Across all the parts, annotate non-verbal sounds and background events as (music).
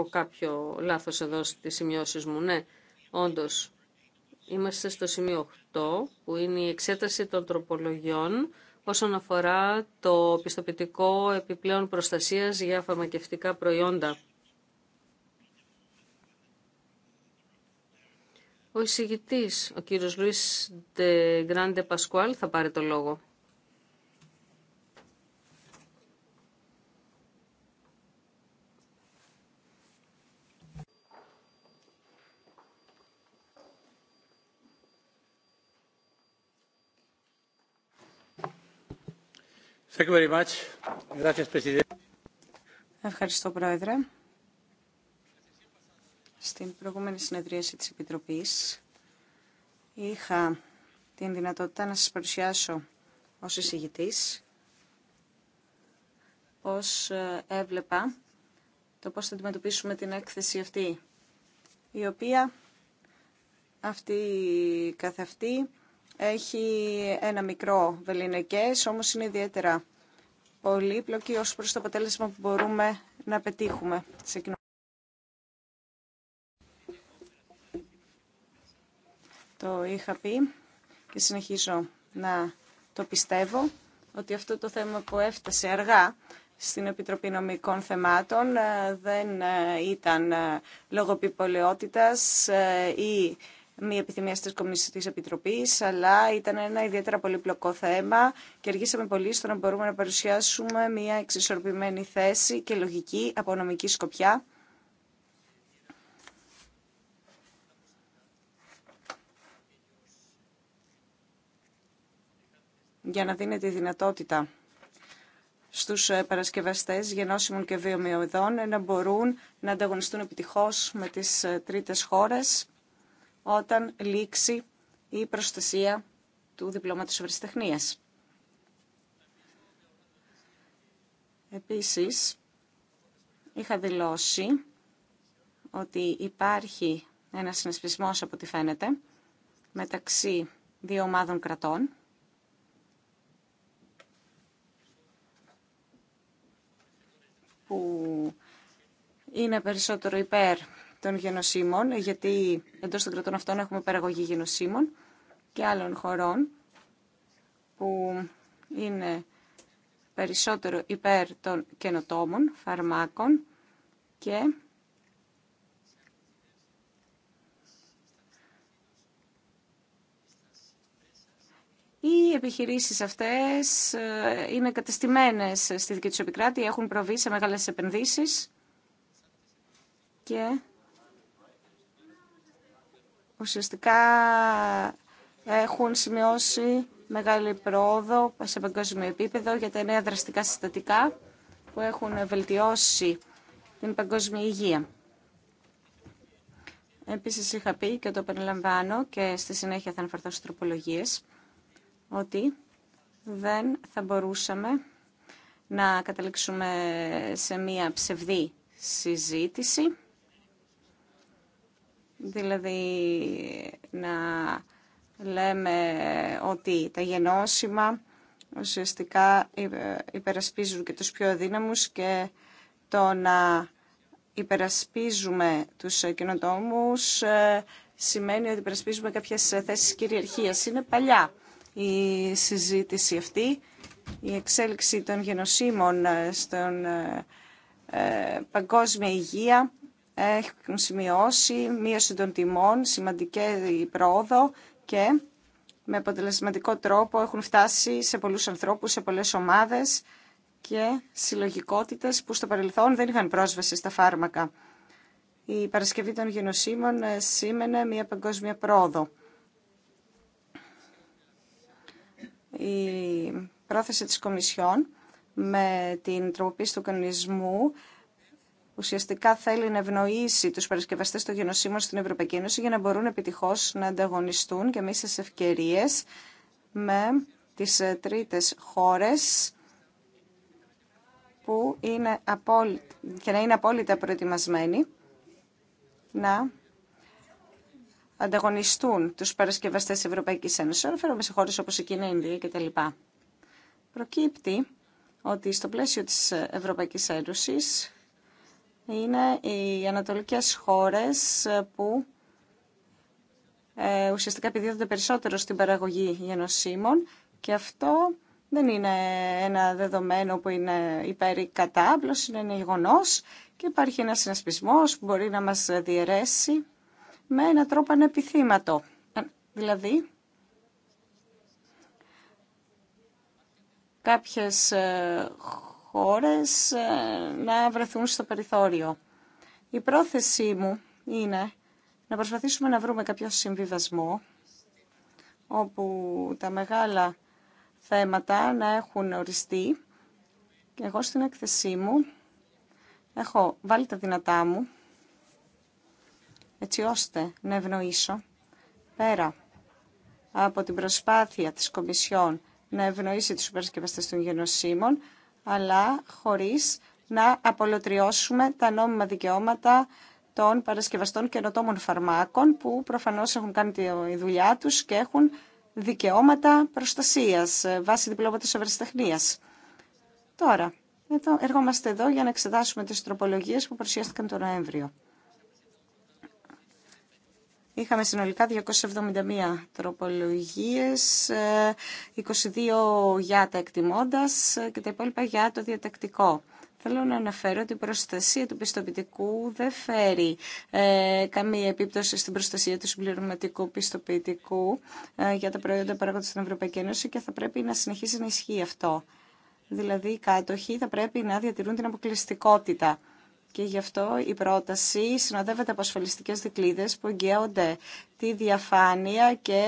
ο κάποιο λάθος εδώ στις σημειώσεις μου. Ναι, όντως, είμαστε στο σημείο 8, που είναι η εξέταση των τροπολογιών όσον αφορά το πιστοποιητικό επιπλέον προστασίας για φαρμακευτικά προϊόντα. Ο εισηγητής, ο κύριος Λουίς Γκράντε Πασκουάλ, θα πάρει το λόγο. Ευχαριστώ, Πρόεδρε. Στην προηγούμενη συνεδρίαση της Επιτροπής είχα την δυνατότητα να σας παρουσιάσω ως εισηγητής πώς ε, έβλεπα το πώς θα αντιμετωπίσουμε την έκθεση αυτή, η οποία αυτή καθ' αυτή έχει ένα μικρό βεληνικές, όμως είναι ιδιαίτερα πολύπλοκη ως προς το αποτέλεσμα που μπορούμε να πετύχουμε Το είχα πει και συνεχίζω να το πιστεύω ότι αυτό το θέμα που έφτασε αργά στην Επιτροπή Νομικών Θεμάτων ε, δεν ε, ήταν ε, λόγω ή μη επιθυμία της Επιτροπής, αλλά ήταν ένα ιδιαίτερα πολύπλοκό θέμα και αργήσαμε πολύ στο να μπορούμε να παρουσιάσουμε μια εξισορροπημένη θέση και λογική από νομική σκοπιά. για να δίνεται η δυνατότητα στους ε, παρασκευαστές γενώσιμων και βιομηοδών να μπορούν να ανταγωνιστούν επιτυχώς με τις ε, τρίτες χώρες όταν λήξει η προστασία του διπλώματος ευρεσιτεχνίας. Επίσης, είχα δηλώσει ότι υπάρχει ένα συνασπισμός από ό,τι φαίνεται μεταξύ δύο ομάδων κρατών που είναι περισσότερο υπέρ των γενοσύμων, γιατί εντό των κρατών αυτών έχουμε παραγωγή γενοσύμων και άλλων χωρών που είναι περισσότερο υπέρ των καινοτόμων φαρμάκων και Οι επιχειρήσεις αυτές ε, είναι κατεστημένες στη δική τους επικράτη, έχουν προβεί σε μεγάλες επενδύσεις και ουσιαστικά έχουν σημειώσει μεγάλη πρόοδο σε παγκόσμιο επίπεδο για τα νέα δραστικά συστατικά που έχουν βελτιώσει την παγκόσμια υγεία. Επίση είχα πει και το περιλαμβάνω και στη συνέχεια θα αναφερθώ στι τροπολογίες ότι δεν θα μπορούσαμε να καταλήξουμε σε μία ψευδή συζήτηση Δηλαδή να λέμε ότι τα γενώσιμα ουσιαστικά υπερασπίζουν και τους πιο αδύναμους και το να υπερασπίζουμε τους κοινοτόμους ε, σημαίνει ότι υπερασπίζουμε κάποιες θέσεις κυριαρχίας. Είναι παλιά η συζήτηση αυτή, η εξέλιξη των γενοσύμων ε, στον ε, παγκόσμια υγεία έχουν σημειώσει μείωση των τιμών, σημαντική πρόοδο και με αποτελεσματικό τρόπο έχουν φτάσει σε πολλούς ανθρώπους, σε πολλές ομάδες και συλλογικότητες που στο παρελθόν δεν είχαν πρόσβαση στα φάρμακα. Η Παρασκευή των Γενοσύμων ε, σήμαινε μια παγκόσμια πρόοδο. Η πρόθεση της Κομισιόν με την τροποποίηση του κανονισμού ουσιαστικά θέλει να ευνοήσει τους παρασκευαστέ των γενοσύμων στην Ευρωπαϊκή Ένωση για να μπορούν επιτυχώ να ανταγωνιστούν και μίσες ευκαιρίε με τις ε, τρίτες χώρες που είναι απόλυτα, και να είναι απόλυτα προετοιμασμένοι να ανταγωνιστούν τους παρασκευαστές Ευρωπαϊκής Ένωσης. Αναφέρομαι σε χώρες όπως η Κίνα, η Ινδία κτλ. Προκύπτει ότι στο πλαίσιο της Ευρωπαϊκής Ένωσης είναι οι ανατολικές χώρες που ε, ουσιαστικά επιδίδονται περισσότερο στην παραγωγή γενοσύμων και αυτό δεν είναι ένα δεδομένο που είναι υπέρ ή κατά, είναι ένα γεγονό και υπάρχει ένας συνασπισμός που μπορεί να μας διαιρέσει με ένα τρόπο ανεπιθύματο. Ε, δηλαδή, κάποιες ε, χώρες ε, να βρεθούν στο περιθώριο. Η πρόθεσή μου είναι να προσπαθήσουμε να βρούμε κάποιο συμβιβασμό όπου τα μεγάλα θέματα να έχουν οριστεί. Και εγώ στην έκθεσή μου έχω βάλει τα δυνατά μου έτσι ώστε να ευνοήσω πέρα από την προσπάθεια της Κομισιόν να ευνοήσει τους υπερσκευαστές των γενοσύμων αλλά χωρίς να απολωτριώσουμε τα νόμιμα δικαιώματα των παρασκευαστών καινοτόμων φαρμάκων που προφανώς έχουν κάνει τη δουλειά τους και έχουν δικαιώματα προστασίας ε, βάσει διπλώματος ευρεσιτεχνίας. Τώρα, εδώ, ερχόμαστε εδώ για να εξετάσουμε τις τροπολογίες που παρουσιάστηκαν τον Νοέμβριο. Είχαμε συνολικά 271 τροπολογίες, 22 ε, για τα εκτιμώντας και τα υπόλοιπα για το διατακτικό. Θέλω να αναφέρω ότι η προστασία του πιστοποιητικού δεν φέρει ε, καμία επίπτωση στην προστασία του συμπληρωματικού πιστοποιητικού ε, για τα προϊόντα παράγοντα στην Ευρωπαϊκή Ένωση και θα πρέπει να συνεχίσει να ισχύει αυτό. Δηλαδή οι κάτοχοι θα πρέπει να διατηρούν την αποκλειστικότητα και γι' αυτό η πρόταση συνοδεύεται από ασφαλιστικέ δικλείδε που εγγυώνται τη διαφάνεια και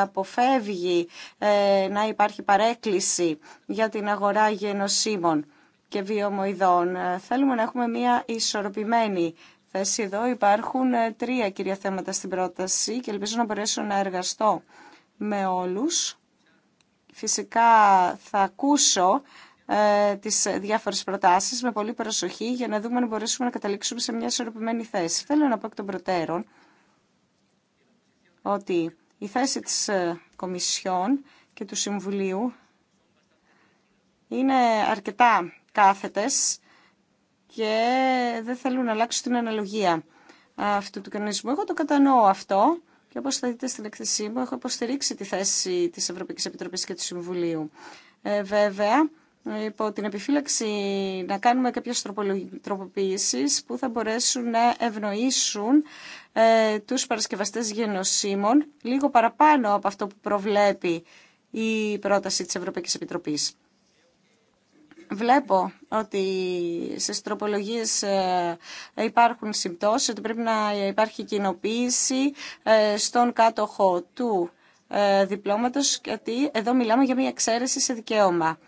αποφεύγει ε, να υπάρχει παρέκκληση για την αγορά γενοσύμων και βιομοιδών. Ε, θέλουμε να έχουμε μια ισορροπημένη θέση εδώ. Υπάρχουν ε, τρία κυρία θέματα στην πρόταση και ελπίζω να μπορέσω να εργαστώ με όλους. Φυσικά θα ακούσω ε, τις διάφορες προτάσεις με πολύ προσοχή για να δούμε αν μπορέσουμε να καταλήξουμε σε μια ισορροπημένη θέση. Θέλω να πω εκ των προτέρων ότι η θέση της ε, Κομισιόν και του Συμβουλίου είναι αρκετά κάθετες και δεν θέλουν να αλλάξουν την αναλογία αυτού του κανονισμού. Εγώ το κατανοώ αυτό και όπως θα δείτε στην εκθεσή μου έχω υποστηρίξει τη θέση της Ευρωπαϊκής Επιτροπής και του Συμβουλίου. Ε, βέβαια, υπό την επιφύλαξη να κάνουμε κάποιες τροποποιήσεις που θα μπορέσουν να ευνοήσουν ε, τους παρασκευαστές γενοσύμων λίγο παραπάνω από αυτό που προβλέπει η πρόταση της Ευρωπαϊκής Επιτροπής. Βλέπω ότι σε τροπολογίες ε, υπάρχουν συμπτώσεις, ότι πρέπει να υπάρχει κοινοποίηση ε, στον κάτοχο του ε, διπλώματος, γιατί εδώ μιλάμε για μια εξαίρεση σε δικαίωμα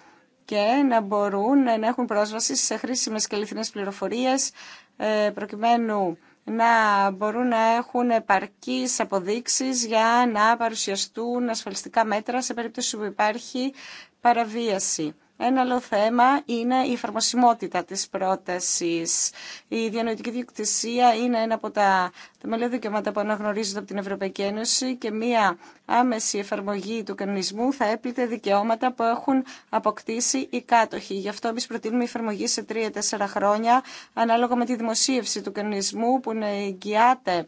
και να μπορούν να έχουν πρόσβαση σε χρήσιμες και αληθινές πληροφορίες ε, προκειμένου να μπορούν να έχουν επαρκείς αποδείξεις για να παρουσιαστούν ασφαλιστικά μέτρα σε περίπτωση που υπάρχει παραβίαση. Ένα άλλο θέμα είναι η εφαρμοσιμότητα της πρότασης. Η διανοητική διοκτησία είναι ένα από τα θεμελιώδη δικαιώματα που αναγνωρίζονται από την Ευρωπαϊκή Ένωση και μία άμεση εφαρμογή του κανονισμού θα έπλητε δικαιώματα που έχουν αποκτήσει οι κάτοχοι. Γι' αυτό εμεί προτείνουμε εφαρμογή σε τρία-τέσσερα χρόνια ανάλογα με τη δημοσίευση του κανονισμού που εγγυάται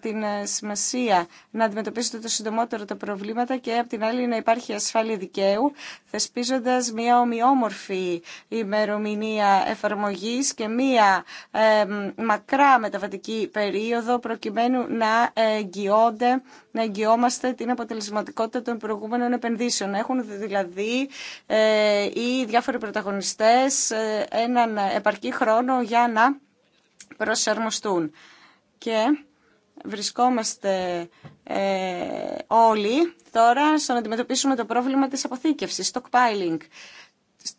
την ε, σημασία να αντιμετωπίσετε το συντομότερο τα προβλήματα και από την άλλη να υπάρχει ασφάλεια δικαίου, θεσπίζοντας μια ομοιόμορφη ημερομηνία εφαρμογής και μια ε, μακρά μεταβατική περίοδο προκειμένου να εγγυώνται να εγγυόμαστε την αποτελεσματικότητα των προηγούμενων επενδύσεων. Έχουν δηλαδή ε, οι διάφοροι πρωταγωνιστές ε, έναν επαρκή χρόνο για να προσαρμοστούν. Και βρισκόμαστε ε, όλοι τώρα στο να αντιμετωπίσουμε το πρόβλημα της αποθήκευσης, stockpiling.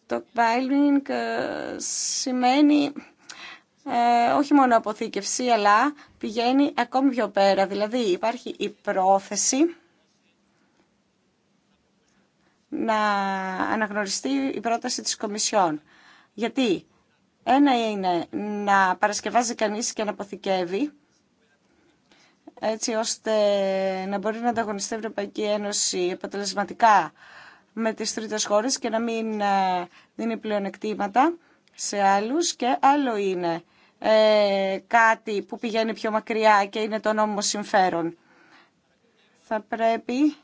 Stockpiling ε, σημαίνει ε, όχι μόνο αποθήκευση, αλλά πηγαίνει ακόμη πιο πέρα. Δηλαδή υπάρχει η πρόθεση να αναγνωριστεί η πρόταση της Κομισιόν. Γιατί ένα είναι να παρασκευάζει κανείς και να αποθηκεύει, έτσι ώστε να μπορεί να ανταγωνιστεί η Ευρωπαϊκή Ένωση αποτελεσματικά με τις τρίτες χώρες και να μην ε, δίνει πλεονεκτήματα σε άλλους και άλλο είναι ε, κάτι που πηγαίνει πιο μακριά και είναι το νόμιμο συμφέρον. Θα πρέπει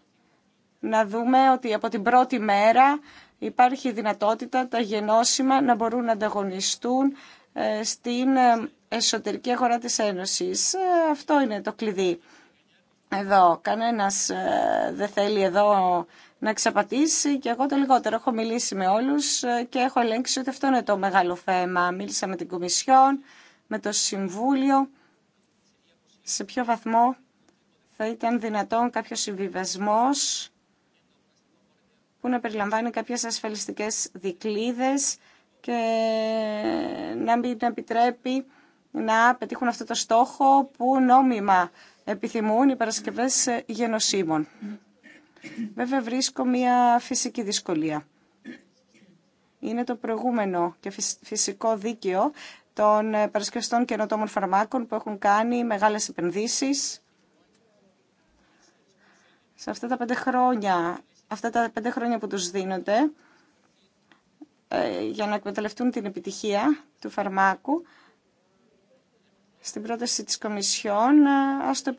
να δούμε ότι από την πρώτη μέρα υπάρχει δυνατότητα τα γενώσιμα να μπορούν να ανταγωνιστούν ε, στην εσωτερική αγορά της Ένωσης. Ε, αυτό είναι το κλειδί εδώ. Κανένας ε, δεν θέλει εδώ να εξαπατήσει και εγώ το λιγότερο. Έχω μιλήσει με όλους ε, και έχω ελέγξει ότι αυτό είναι το μεγάλο θέμα. Μίλησα με την Κομισιόν, με το Συμβούλιο, σε ποιο βαθμό θα ήταν δυνατόν κάποιο συμβιβασμός που να περιλαμβάνει κάποιες ασφαλιστικές δικλίδες και να μην επιτρέπει να πετύχουν αυτό το στόχο που νόμιμα επιθυμούν οι παρασκευές γενοσύμων. Βέβαια βρίσκω μια φυσική δυσκολία. Είναι το προηγούμενο και φυσικό δίκαιο των ε, παρασκευαστών καινοτόμων φαρμάκων που έχουν κάνει μεγάλες επενδύσεις. Σε αυτά τα πέντε χρόνια, αυτά τα πέντε χρόνια που τους δίνονται ε, για να εκμεταλλευτούν την επιτυχία του φαρμάκου, στην πρόταση της Κομισιόν, ε, ας το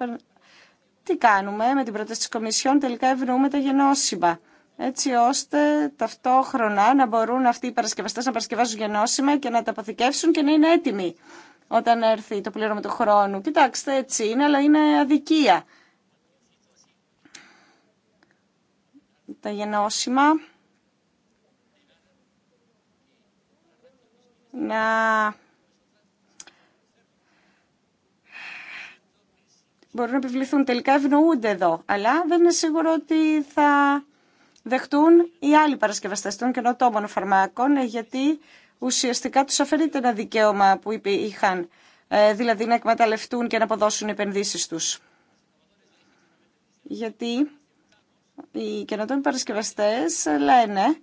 Τι κάνουμε με την πρόταση της Κομισιόν, τελικά ευνοούμε τα γενώσιμα. Έτσι ώστε ταυτόχρονα να μπορούν αυτοί οι παρασκευαστές να παρασκευάζουν γενώσιμα και να τα αποθηκεύσουν και να είναι έτοιμοι όταν έρθει το πλήρωμα του χρόνου. Κοιτάξτε, έτσι είναι, αλλά είναι αδικία. Τα γενώσιμα να μπορούν να επιβληθούν. Τελικά ευνοούνται εδώ, αλλά δεν είναι σίγουρο ότι θα δεχτούν οι άλλοι παρασκευαστές των καινοτόμων φαρμάκων, ε, γιατί ουσιαστικά τους αφαιρείται ένα δικαίωμα που είχαν, ε, δηλαδή να εκμεταλλευτούν και να αποδώσουν επενδύσεις τους. Γιατί οι καινοτόμοι παρασκευαστές λένε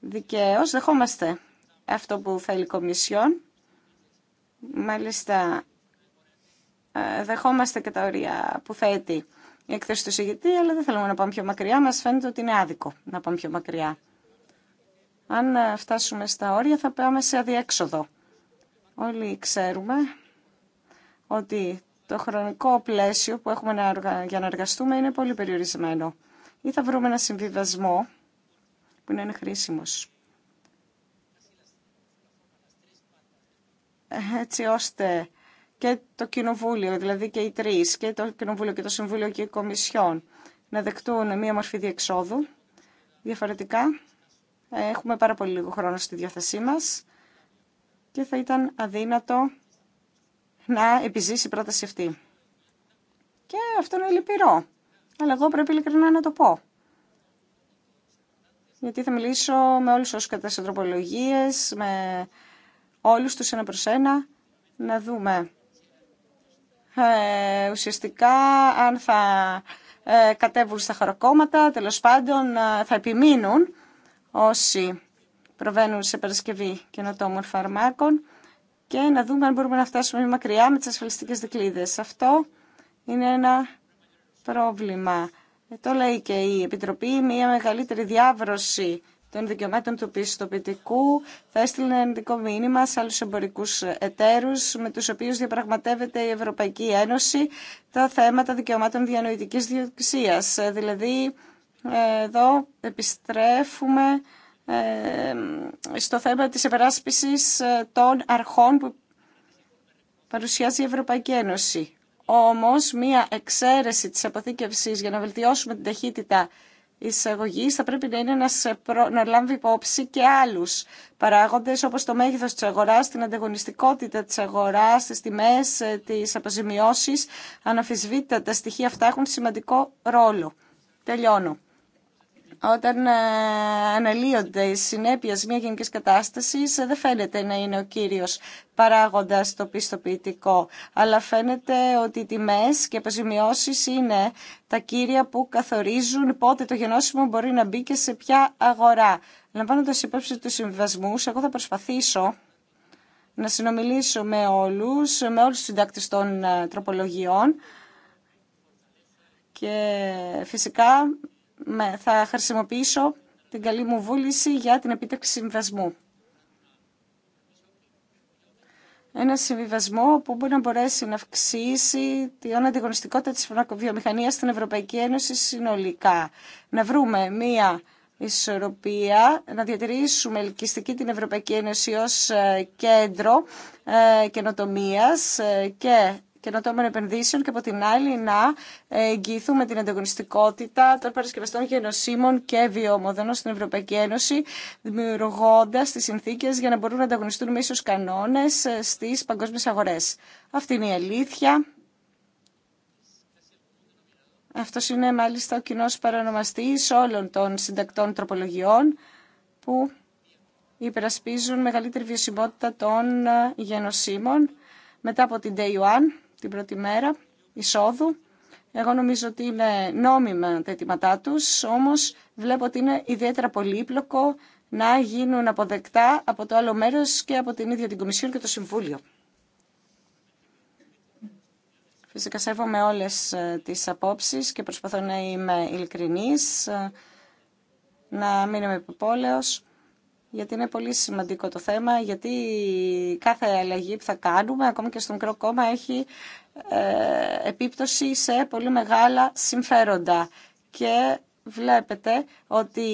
δικαίως δεχόμαστε αυτό που θέλει η Κομισιόν. Μάλιστα ε, δεχόμαστε και τα όρια που θέτει η εκθέση του συγητή, αλλά δεν θέλουμε να πάμε πιο μακριά. Μας φαίνεται ότι είναι άδικο να πάμε πιο μακριά. Αν ε, φτάσουμε στα όρια θα πάμε σε αδιέξοδο. Όλοι ξέρουμε ότι το χρονικό πλαίσιο που έχουμε για να εργαστούμε είναι πολύ περιορισμένο. Ή θα βρούμε ένα συμβιβασμό που να είναι χρήσιμος. Ε, έτσι ώστε και το Κοινοβούλιο, δηλαδή και οι τρει και το Κοινοβούλιο και το Συμβούλιο και οι Κομισιόν, να δεκτούν μία μορφή διεξόδου. Διαφορετικά, ε, έχουμε πάρα πολύ λίγο χρόνο στη διάθεσή μας και θα ήταν αδύνατο να επιζήσει η πρόταση αυτή. Και αυτό είναι λυπηρό. Αλλά εγώ πρέπει ειλικρινά να το πω. Γιατί θα μιλήσω με όλους όσους κατάστατροπολογίες, με όλους τους ένα προς ένα, να δούμε ε, ουσιαστικά αν θα ε, κατέβουν στα χαροκόμματα, τέλο πάντων ε, θα επιμείνουν όσοι προβαίνουν σε Παρασκευή καινοτόμων φαρμάκων και να δούμε αν μπορούμε να φτάσουμε μακριά με τις ασφαλιστικές δικλείδες. Αυτό είναι ένα πρόβλημα. Το λέει και η Επιτροπή, μια μεγαλύτερη διάβρωση των δικαιωμάτων του πιστοποιητικού θα έστειλε ένα ενδικό μήνυμα σε άλλους εμπορικούς εταίρους με τους οποίους διαπραγματεύεται η Ευρωπαϊκή Ένωση τα θέματα δικαιωμάτων διανοητικής διοξίας. Δηλαδή εδώ επιστρέφουμε ε, στο θέμα της επεράσπισης ε, των αρχών που παρουσιάζει η Ευρωπαϊκή Ένωση. Όμως, μία εξαίρεση της αποθήκευσης για να βελτιώσουμε την ταχύτητα θα πρέπει να είναι να, σε προ... λάμβει υπόψη και άλλου παράγοντε, όπως το μέγεθο τη αγορά, την ανταγωνιστικότητα τη αγορά, τι τιμέ, ε, τι αποζημιώσει. Αναφυσβήτητα τα στοιχεία αυτά έχουν σημαντικό ρόλο. Τελειώνω όταν ε, αναλύονται οι συνέπειε μια γενική κατάσταση, ε, δεν φαίνεται να είναι ο κύριο παράγοντα το πιστοποιητικό. Αλλά φαίνεται ότι οι τιμέ και αποζημιώσει είναι τα κύρια που καθορίζουν πότε το γενώσιμο μπορεί να μπει και σε ποια αγορά. Λαμβάνοντα υπόψη του συμβιβασμού, εγώ θα προσπαθήσω να συνομιλήσω με όλους, με όλους τους συντάκτες των ε, τροπολογιών και φυσικά ναι, θα χρησιμοποιήσω την καλή μου βούληση για την επίτευξη συμβιβασμού. Ένα συμβιβασμό που μπορεί να μπορέσει να αυξήσει την αντιγωνιστικότητα της φαρμακοβιομηχανίας στην Ευρωπαϊκή Ένωση συνολικά. Να βρούμε μία ισορροπία, να διατηρήσουμε ελκυστική την Ευρωπαϊκή Ένωση ως ε, κέντρο ε, καινοτομίας ε, και καινοτόμων επενδύσεων και από την άλλη να εγγυηθούμε την ανταγωνιστικότητα των παρασκευαστών γενοσύμων και βιομοδών στην Ευρωπαϊκή Ένωση, δημιουργώντα τι συνθήκε για να μπορούν να ανταγωνιστούν με ίσου κανόνε στι παγκόσμιε αγορέ. Αυτή είναι η αλήθεια. Αυτό είναι μάλιστα ο κοινό παρανομαστή όλων των συντακτών τροπολογιών που υπερασπίζουν μεγαλύτερη βιωσιμότητα των γενοσύμων μετά από την Day One την πρώτη μέρα εισόδου. Εγώ νομίζω ότι είναι νόμιμα τα αιτήματά τους, όμως βλέπω ότι είναι ιδιαίτερα πολύπλοκο να γίνουν αποδεκτά από το άλλο μέρος και από την ίδια την Κομισιόν και το Συμβούλιο. Φυσικά σέβομαι όλες ε, τις απόψεις και προσπαθώ να είμαι ειλικρινής, ε, να μην είμαι υποπόλεως γιατί είναι πολύ σημαντικό το θέμα, γιατί κάθε αλλαγή που θα κάνουμε, ακόμα και στο μικρό κόμμα, έχει ε, επίπτωση σε πολύ μεγάλα συμφέροντα. Και βλέπετε ότι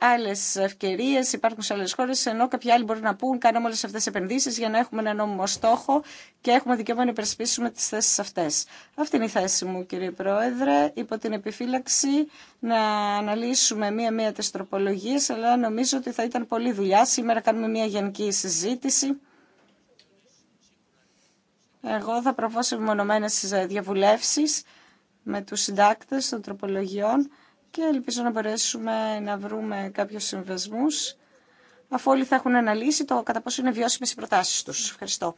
άλλε ευκαιρίε υπάρχουν σε άλλε χώρε, ενώ κάποιοι άλλοι μπορούν να πούν: κάνουμε όλε αυτέ τι επενδύσει για να έχουμε ένα νόμιμο στόχο και έχουμε δικαίωμα να υπερασπίσουμε τι θέσει αυτέ. Αυτή είναι η θέση μου, κύριε Πρόεδρε, υπό την επιφύλαξη να αναλύσουμε μία-μία τι τροπολογίε, αλλά νομίζω ότι θα ήταν πολύ δουλειά. Σήμερα κάνουμε μία γενική συζήτηση. Εγώ θα προβώ σε μεμονωμένες διαβουλεύσεις με τους συντάκτες των τροπολογιών και ελπίζω να μπορέσουμε να βρούμε κάποιους συμβεσμούς, αφού όλοι θα έχουν αναλύσει το κατά πόσο είναι βιώσιμες οι προτάσεις τους. Ευχαριστώ.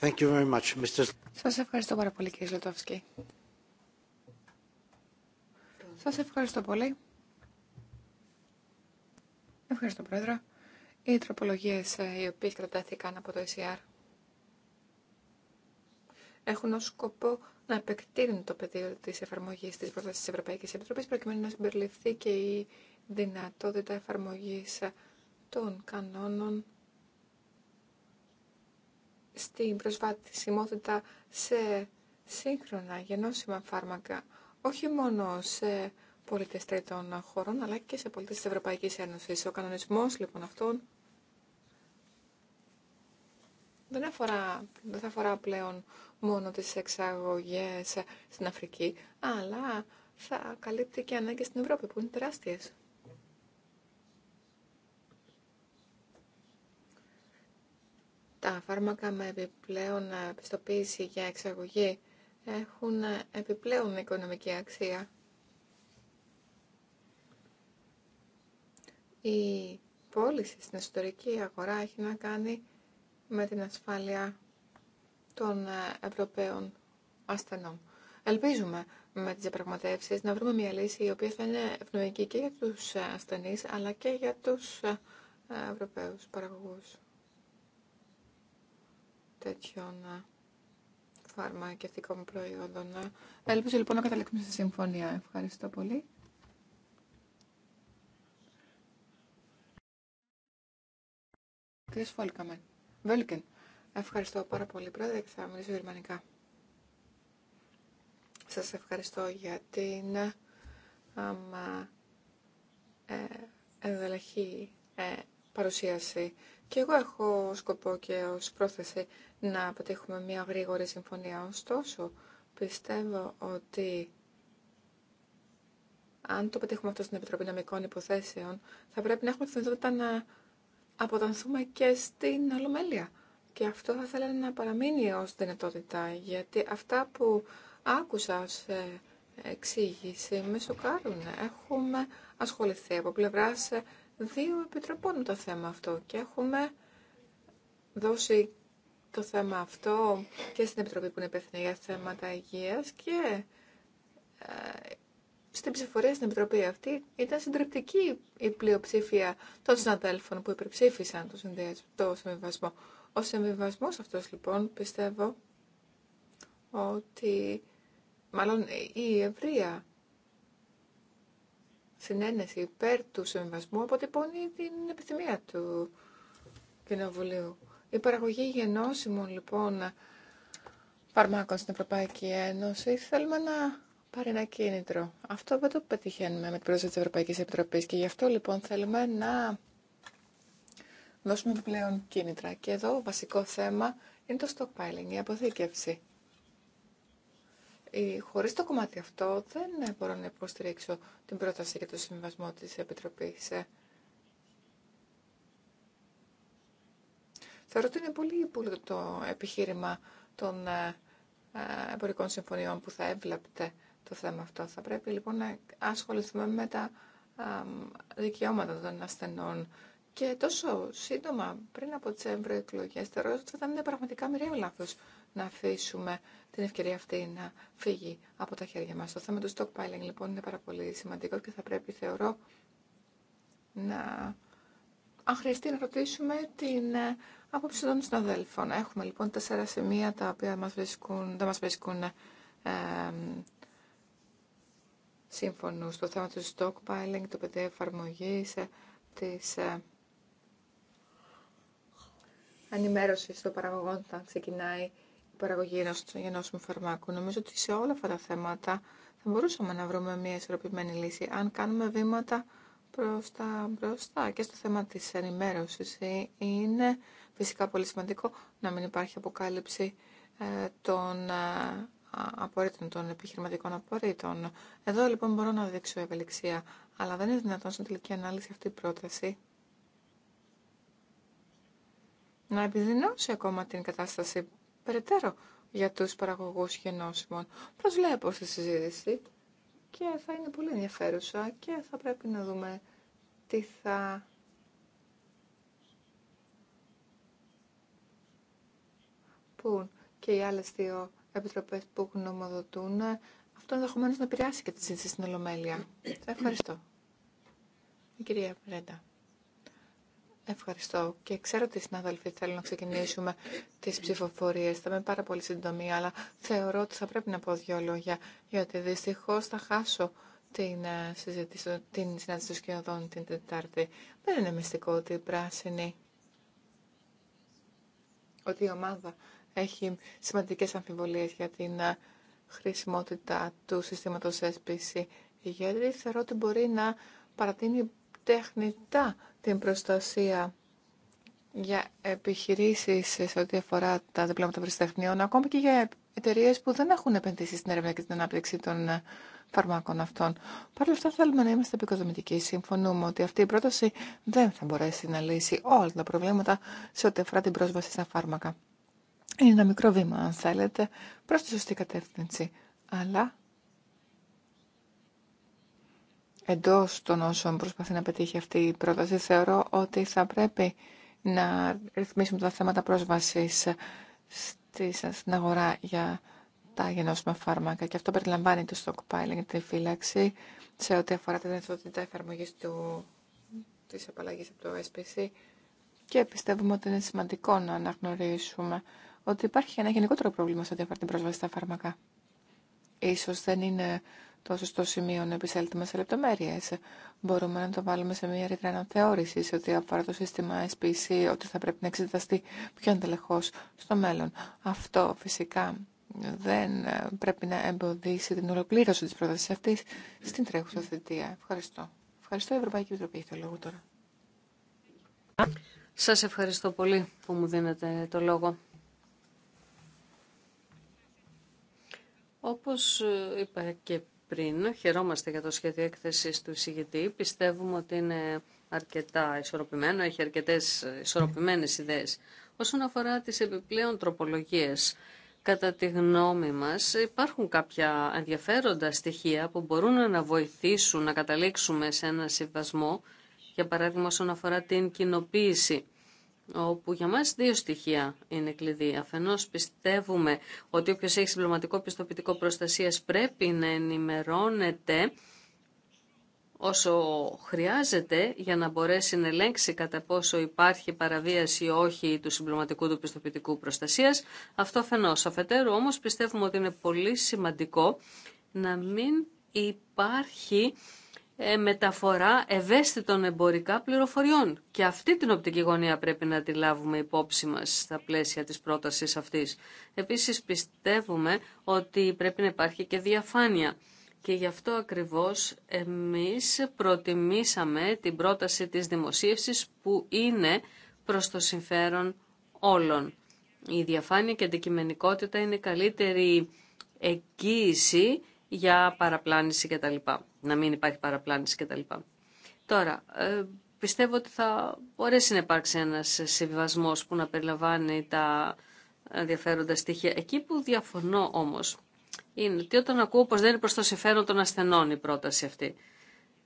Thank you very much, Mr. Σας ευχαριστώ πάρα πολύ κύριε Λετόφσκι. Σας ευχαριστώ πολύ. Ευχαριστώ πρόεδρε. Οι τροπολογίες ε, οι οποίες κρατάθηκαν από το ECR έχουν ως σκοπό να επεκτείνουν το πεδίο της εφαρμογής της πρότασης της Ευρωπαϊκής Επιτροπής προκειμένου να συμπεριληφθεί και η δυνατότητα εφαρμογής των κανόνων στην προσβατησιμότητα σε σύγχρονα γενώσιμα φάρμακα, όχι μόνο σε πολίτες τρίτων χωρών, αλλά και σε πολίτες της Ευρωπαϊκής Ένωσης. Ο κανονισμός λοιπόν αυτών δεν, θα αφορά πλέον μόνο τις εξαγωγές στην Αφρική, αλλά θα καλύπτει και ανάγκες στην Ευρώπη που είναι τεράστιες. Τα φάρμακα με επιπλέον πιστοποίηση για εξαγωγή έχουν επιπλέον οικονομική αξία. Η πώληση στην εσωτερική αγορά έχει να κάνει με την ασφάλεια των ε, Ευρωπαίων ασθενών. Ελπίζουμε με τις διαπραγματεύσει να βρούμε μια λύση η οποία θα είναι ευνοϊκή και για τους ε, ασθενείς αλλά και για τους ε, Ευρωπαίους παραγωγούς τέτοιων φαρμακευτικών προϊόντων. Ελπίζω λοιπόν να καταλήξουμε στη συμφωνία. Ευχαριστώ πολύ. Κύριε Φόλκαμεν. Βέλκεν. Ευχαριστώ πάρα πολύ, πρόεδρε, και θα μιλήσω γερμανικά. Σας ευχαριστώ για την ε, ενδελεχή ε, παρουσίαση. Και εγώ έχω σκοπό και ως πρόθεση να πετύχουμε μια γρήγορη συμφωνία. Ωστόσο, πιστεύω ότι αν το πετύχουμε αυτό στην Επιτροπή Νομικών Υποθέσεων, θα πρέπει να έχουμε τη δυνατότητα να αποτανθούμε και στην Ολομέλεια. Και αυτό θα θέλαμε να παραμείνει ως δυνατότητα, γιατί αυτά που άκουσα σε εξήγηση με σοκάρουν. Έχουμε ασχοληθεί από σε δύο επιτροπών με το θέμα αυτό και έχουμε δώσει το θέμα αυτό και στην Επιτροπή που είναι υπεύθυνη για θέματα υγείας και ε, στην ψηφορία στην Επιτροπή αυτή ήταν συντριπτική η πλειοψηφία των συναδέλφων που υπερψήφισαν το συμβιβασμό. Ο συμβιβασμό αυτός λοιπόν πιστεύω ότι μάλλον η ευρεία συνένεση υπέρ του συμβιβασμού αποτυπώνει την επιθυμία του Κοινοβουλίου. Η παραγωγή γενώσιμων λοιπόν φαρμάκων στην Ευρωπαϊκή Ένωση θέλουμε να πάρει ένα κίνητρο. Αυτό δεν το πετυχαίνουμε με την πρόσβαση της Ευρωπαϊκής Επιτροπής και γι' αυτό λοιπόν θέλουμε να δώσουμε πλέον κίνητρα. Και εδώ βασικό θέμα είναι το stockpiling, η αποθήκευση. Χωρί το κομμάτι αυτό δεν μπορώ να υποστηρίξω την πρόταση για το συμβασμό της Επιτροπής. Ε. Θεωρώ ότι είναι πολύ πολύ το επιχείρημα των ε, ε, εμπορικών συμφωνιών που θα έβλεπτε το θέμα αυτό. Θα πρέπει λοιπόν να ασχοληθούμε με τα δικαιώματα των ασθενών. Και τόσο σύντομα πριν από τι ευρωεκλογέ, θεωρώ ότι θα ήταν πραγματικά μοιραίο λάθο να αφήσουμε την ευκαιρία αυτή να φύγει από τα χέρια μα. Το θέμα του stockpiling λοιπόν είναι πάρα πολύ σημαντικό και θα πρέπει, θεωρώ, να. Αν χρειαστεί να ρωτήσουμε την ε, άποψη των συναδέλφων. Έχουμε λοιπόν τέσσερα σημεία τα οποία μας βρίσκουν, δεν μας βρίσκουν ε, σύμφωνο στο θέμα του stockpiling, το παιδί εφαρμογή ε, τη ε, ενημέρωση των παραγωγών όταν ξεκινάει η παραγωγή ενό φαρμάκου. Νομίζω ότι σε όλα αυτά τα θέματα θα μπορούσαμε να βρούμε μια ισορροπημένη λύση αν κάνουμε βήματα προς τα μπροστά και στο θέμα της ενημέρωση ε, είναι φυσικά πολύ σημαντικό να μην υπάρχει αποκάλυψη των απορρίτων, των επιχειρηματικών απορρίτων. Εδώ λοιπόν μπορώ να δείξω ευελιξία, αλλά δεν είναι δυνατόν στην τελική ανάλυση αυτή η πρόταση να επιδεινώσει ακόμα την κατάσταση περαιτέρω για τους παραγωγούς γενώσιμων. Προσβλέπω στη συζήτηση και θα είναι πολύ ενδιαφέρουσα και θα πρέπει να δούμε τι θα πούν και οι άλλες δύο Επιτροπέ που γνωμοδοτούν, αυτό ενδεχομένω να επηρεάσει και τη συζήτηση στην Ολομέλεια. Ευχαριστώ. Η κυρία Ρέντα. Ευχαριστώ. Και ξέρω ότι οι συνάδελφοι θέλουν να ξεκινήσουμε τι ψηφοφορίε. Θα είμαι πάρα πολύ σύντομη, αλλά θεωρώ ότι θα πρέπει να πω δύο λόγια, γιατί δυστυχώ θα χάσω την, ε, συζήτηση, την συνάντηση των σκηνοδών την Τετάρτη. Δεν είναι μυστικό ότι οι πράσινοι, ότι η ομάδα έχει σημαντικές αμφιβολίες για την ε, χρησιμότητα του συστήματος SPC, γιατί θεωρώ ότι μπορεί να παρατείνει τεχνητά την προστασία για επιχειρήσεις σε ό,τι αφορά τα διπλώματα βρυστεχνίων, ακόμα και για εταιρείες που δεν έχουν επενδύσει στην έρευνα και την ανάπτυξη των ε, φαρμάκων αυτών. Παρ' όλα αυτά, θέλουμε να είμαστε επικοδομητικοί. Συμφωνούμε ότι αυτή η πρόταση δεν θα μπορέσει να λύσει όλα τα προβλήματα σε ό,τι αφορά την πρόσβαση στα φάρμακα είναι ένα μικρό βήμα, αν θέλετε, προς τη σωστή κατεύθυνση. Αλλά εντός των όσων προσπαθεί να πετύχει αυτή η πρόταση, θεωρώ ότι θα πρέπει να ρυθμίσουμε τα θέματα πρόσβασης στην αγορά για τα γενώσιμα φάρμακα και αυτό περιλαμβάνει το stockpiling, τη φύλαξη σε ό,τι αφορά την δυνατότητα εφαρμογή της απαλλαγής από το SPC και πιστεύουμε ότι είναι σημαντικό να αναγνωρίσουμε ότι υπάρχει ένα γενικότερο πρόβλημα σε ό,τι αφορά την πρόσβαση στα φάρμακα. σω δεν είναι το σωστό σημείο να επισέλθουμε σε λεπτομέρειε. Μπορούμε να το βάλουμε σε μια ρήτρα αναθεώρηση σε ό,τι αφορά το σύστημα SPC, ότι θα πρέπει να εξεταστεί πιο εντελεχώ στο μέλλον. Αυτό φυσικά δεν ε, πρέπει να εμποδίσει την ολοκλήρωση τη πρόταση αυτή στην τρέχουσα θητεία. Ευχαριστώ. Ευχαριστώ. Η Ευρωπαϊκή Επιτροπή έχει το λόγο τώρα. Σας ευχαριστώ πολύ που μου δίνετε το λόγο. Όπως ε, είπα και πριν, χαιρόμαστε για το σχέδιο έκθεσης του εισηγητή. Πιστεύουμε ότι είναι αρκετά ισορροπημένο, έχει αρκετές ισορροπημένες ιδέες. Όσον αφορά τις επιπλέον τροπολογίες, κατά τη γνώμη μας υπάρχουν κάποια ενδιαφέροντα στοιχεία που μπορούν να βοηθήσουν να καταλήξουμε σε ένα συμβασμό, για παράδειγμα όσον αφορά την κοινοποίηση όπου για μας δύο στοιχεία είναι κλειδί. Αφενός πιστεύουμε ότι όποιος έχει συμπληρωματικό πιστοποιητικό προστασίας πρέπει να ενημερώνεται όσο χρειάζεται για να μπορέσει να ελέγξει κατά πόσο υπάρχει παραβίαση ή όχι του συμπληρωματικού του πιστοποιητικού προστασίας. Αυτό αφενός. Αφετέρου όμως πιστεύουμε ότι είναι πολύ σημαντικό να μην υπάρχει ε, μεταφορά ευαίσθητων εμπορικά πληροφοριών. Και αυτή την οπτική γωνία πρέπει να τη λάβουμε υπόψη μας στα πλαίσια της πρότασης αυτής. Επίσης πιστεύουμε ότι πρέπει να υπάρχει και διαφάνεια. Και γι' αυτό ακριβώς εμείς προτιμήσαμε την πρόταση της δημοσίευσης που είναι προς το συμφέρον όλων. Η διαφάνεια και αντικειμενικότητα είναι καλύτερη εγγύηση για παραπλάνηση κτλ να μην υπάρχει παραπλάνηση κτλ. Τώρα, ε, πιστεύω ότι θα μπορέσει να υπάρξει ένας συμβιβασμός που να περιλαμβάνει τα ενδιαφέροντα στοιχεία. Εκεί που διαφωνώ όμως είναι ότι όταν ακούω πως δεν είναι προς το συμφέρον των ασθενών η πρόταση αυτή.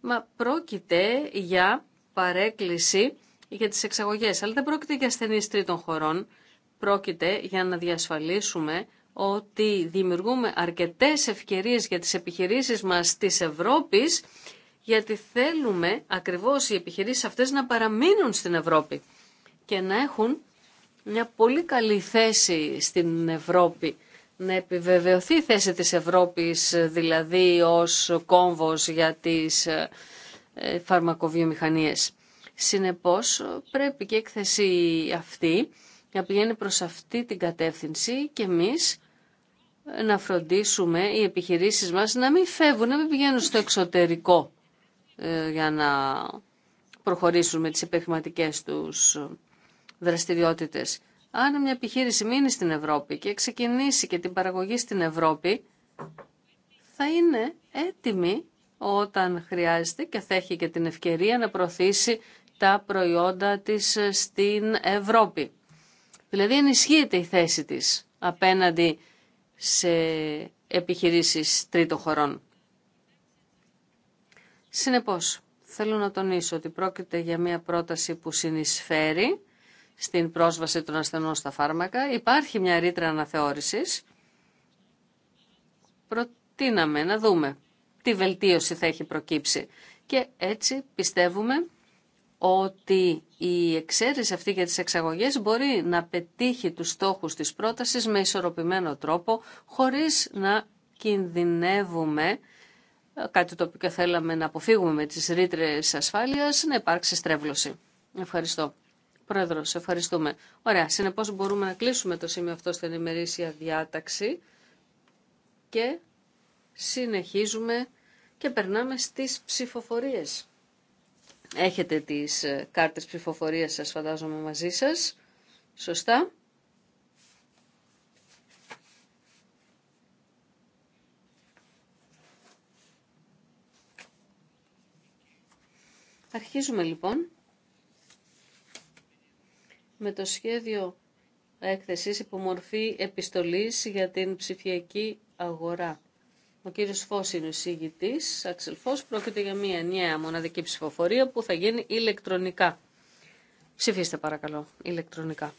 Μα πρόκειται για παρέκκληση για τις εξαγωγές, αλλά δεν πρόκειται για ασθενείς τρίτων χωρών. Πρόκειται για να διασφαλίσουμε ότι δημιουργούμε αρκετές ευκαιρίες για τις επιχειρήσεις μας της Ευρώπης, γιατί θέλουμε ακριβώς οι επιχειρήσεις αυτές να παραμείνουν στην Ευρώπη και να έχουν μια πολύ καλή θέση στην Ευρώπη. Να επιβεβαιωθεί η θέση της Ευρώπης δηλαδή ως κόμβος για τις ε, φαρμακοβιομηχανίες. Συνεπώς πρέπει και η έκθεση αυτή να πηγαίνει προς αυτή την κατεύθυνση και εμείς να φροντίσουμε οι επιχειρήσεις μας να μην φεύγουν, να μην πηγαίνουν στο εξωτερικό ε, για να προχωρήσουν με τις επιχειρηματικές τους δραστηριότητες. Αν μια επιχείρηση μείνει στην Ευρώπη και ξεκινήσει και την παραγωγή στην Ευρώπη, θα είναι έτοιμη όταν χρειάζεται και θα έχει και την ευκαιρία να προωθήσει τα προϊόντα της στην Ευρώπη. Δηλαδή ενισχύεται η θέση της απέναντι σε επιχειρήσεις τρίτων χωρών. Συνεπώς, θέλω να τονίσω ότι πρόκειται για μια πρόταση που συνεισφέρει στην πρόσβαση των ασθενών στα φάρμακα. Υπάρχει μια ρήτρα αναθεώρησης. Προτείναμε να δούμε τι βελτίωση θα έχει προκύψει. Και έτσι πιστεύουμε ότι η εξαίρεση αυτή για τις εξαγωγές μπορεί να πετύχει τους στόχους της πρότασης με ισορροπημένο τρόπο, χωρίς να κινδυνεύουμε, κάτι το οποίο θέλαμε να αποφύγουμε με τις ρήτρε ασφάλειας, να υπάρξει στρέβλωση. Ευχαριστώ. Πρόεδρο, σε ευχαριστούμε. Ωραία, συνεπώ μπορούμε να κλείσουμε το σημείο αυτό στην ημερήσια διάταξη και συνεχίζουμε και περνάμε στις ψηφοφορίες. Έχετε τις ε, κάρτες ψηφοφορίας σας φαντάζομαι μαζί σας. Σωστά. Αρχίζουμε λοιπόν με το σχέδιο έκθεσης υπομορφή επιστολής για την ψηφιακή αγορά. Ο κύριος Φω είναι ο εισήγητη. Άξελ πρόκειται για μια νέα μοναδική ψηφοφορία που θα γίνει ηλεκτρονικά. Ψηφίστε παρακαλώ, ηλεκτρονικά.